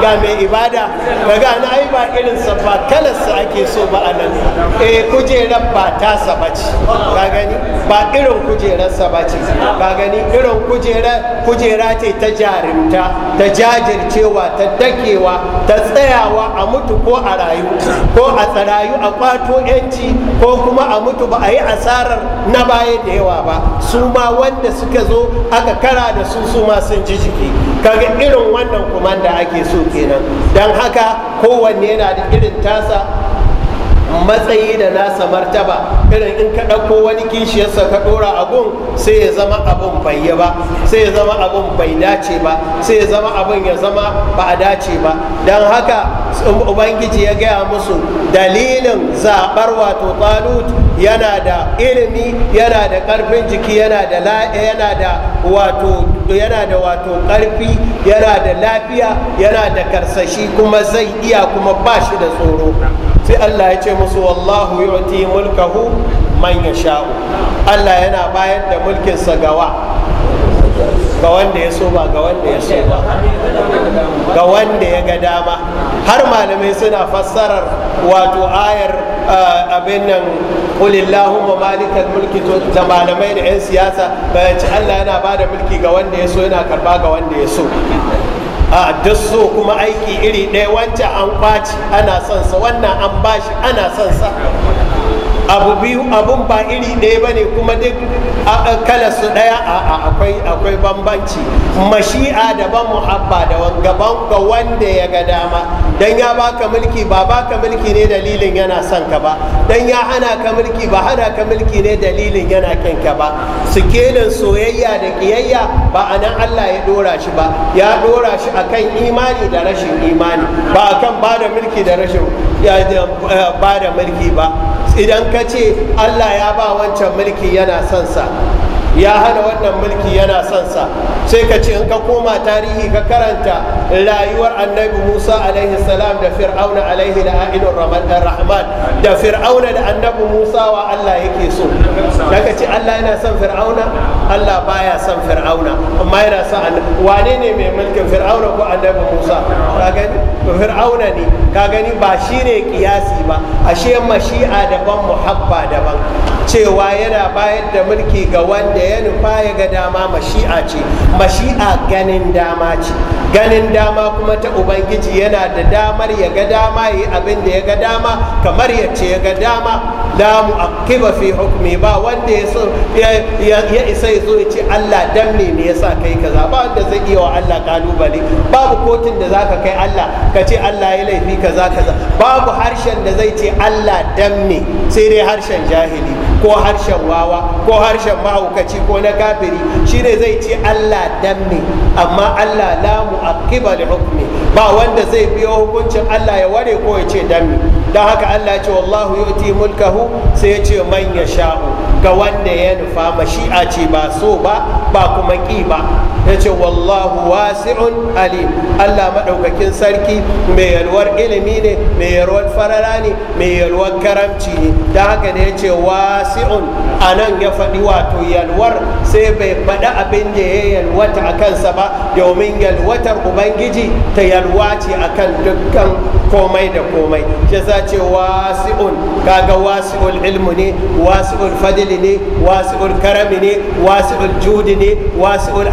ga mai ibada ga gani ai ba irin sa ba kalarsa ake so ba a nan eh kujerar ba ta saba ce ga gani ba irin sa ba ce ga gani irin kujerar kujera ce ta jarumta ta jajircewa ta dakewa ta tsayawa a mutu ko a rayu ko a tsarayu a kwato yanci ko kuma a mutu ba a yi asarar na baya da yawa ba su ma wanda suka zo aka kara da su su ma sun ji jiki kaga irin wannan da ake so kenan don haka kowanne yana da irin tasa matsayi da nasa martaba irin in ka ɗauko wani kishiyarsa ka ɗora abun sai ya zama abun bai ba sai ya zama abun bai dace ba sai ya zama abun ya zama ba a dace ba don haka ubangiji ya gaya musu dalilin zaɓar wato talut yana da ilimi yana da ƙarfin jiki yana da wato yana da wato ƙarfi yana da lafiya yana da karsashi kuma zai iya kuma ba shi da tsoro sai allah ya ce musu wallahu yu'ti mulkahu man ya allah yana bayar da mulkinsa gawa ga wanda ya so ba ga wanda ya so ba ga wanda ya ga dama har malamai suna fassarar wato ayar ah, abin nan ma malikal mulki ta malamai da 'yan siyasa bayanci allah yana ba da mulki ga wanda ya so yana karba ga wanda ya so a duk so kuma aiki iri ɗaya wancan an kwaci ana son sa wannan an bashi ana son sa abu biyu abun ba iri ɗaya bane kuma duk kala su ɗaya akwai akwai bambanci mashi'a daban muhabba daban ga wanda ya ga dama dan ya baka mulki ba baka mulki ne dalilin yana son ka ba dan ya hana ka mulki ba hana ka mulki ne dalilin yana kin ka ba sikelin soyayya da kiyayya ba a nan Allah ya dora shi ba ya dora shi akan imani da rashin imani ba akan bada mulki da rashin bada mulki ba idan ka ce Allah ya ba wancan mulki yana son sa ya hana wannan mulki yana son sa sai ka ce in ka koma tarihi ka karanta rayuwar annabi musa alaihi salam da fir'auna alaihi da ainun eh, rahman da fir'auna da annabi musa wa allah yake so daga ce allah yana son fir'auna allah baya son fir'auna amma yana son Annabi wane ne mai mulkin fir'auna ko annabi musa ka gani fir'auna ne ka gani ba shine kiyasi ba ashe mashi'a daban muhabba daban cewa yana bayar da mulki ga wanda ya nufa ya ga dama mashi'a ce mashi'a ganin dama ce ganin dama kuma ta ubangiji yana da damar ya ga dama ya yi abin da ya ga dama kamar ya ce ya ga dama a kiba fi hukmi ba wanda ya ya isa ya zo ya ce Allah damne ne ya sa kai kaza ba wanda zai iya wa Allah kalubale babu kotun da zaka kai Allah ka ce Allah ya laifi kaza kaza babu harshen da zai ce Allah damne sai dai harshen jahili ko harshen wawa ko harshen mahaukaci ko na kafiri shine zai ce Allah danne amma Allah la mu'aqqiba li hukumi ba wanda zai biyo hukuncin Allah ya ware ko ya ce danne don haka Allah ya ce wallahu yu'ti mulkahu sai ya ce man ya sha'u. ga wanda ya nufa mashi'a ce ba so ba ba kuma ƙi ba ya ce wallahu wasi'un alim allah maɗaukakin sarki mai yalwar ilimi ne mai yalwar farara ne mai yalwar karamci ne da haka ya ce wasi'un a nan ya faɗi wato yalwar sai bai faɗi abin da ya yalwata a kansa ba domin yalwatar ubangiji ta yalwa ce a kan dukkan komai da komai shi ce wasi'un kaga wasi'ul ilmu ne wasi'ul fadili fadli ne wasi'ul karami ne wasi'ul judi ne wasi'ul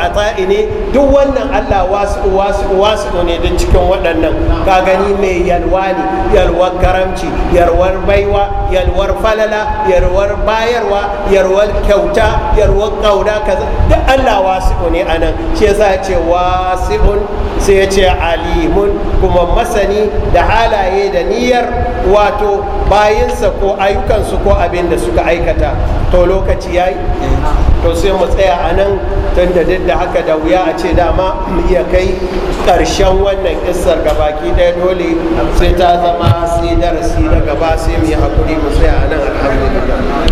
ne duk wannan Allah wasi'u wasi'u wasi'u ne duk cikin waɗannan ka gani mai yalwa ne yalwar karamci yalwar baiwa yalwar falala yalwar bayarwa yalwar kyauta yalwar kauna kaza duk Allah wasi'u ne anan shi yasa ya ce wasi'un sai ya ce alimun kuma masani da halaye da niyyar wato bayinsa ko ayyukansu ko abin da suka aikata to lokaci ya yi to sai mu tsaya a nan tun da duk da haka da wuya a ce dama mu iya kai ƙarshen wannan ga baki ɗaya dole sai ta zama sai darasi daga gaba sai mu yi hakuri mu tsaya a nan alhamdulillah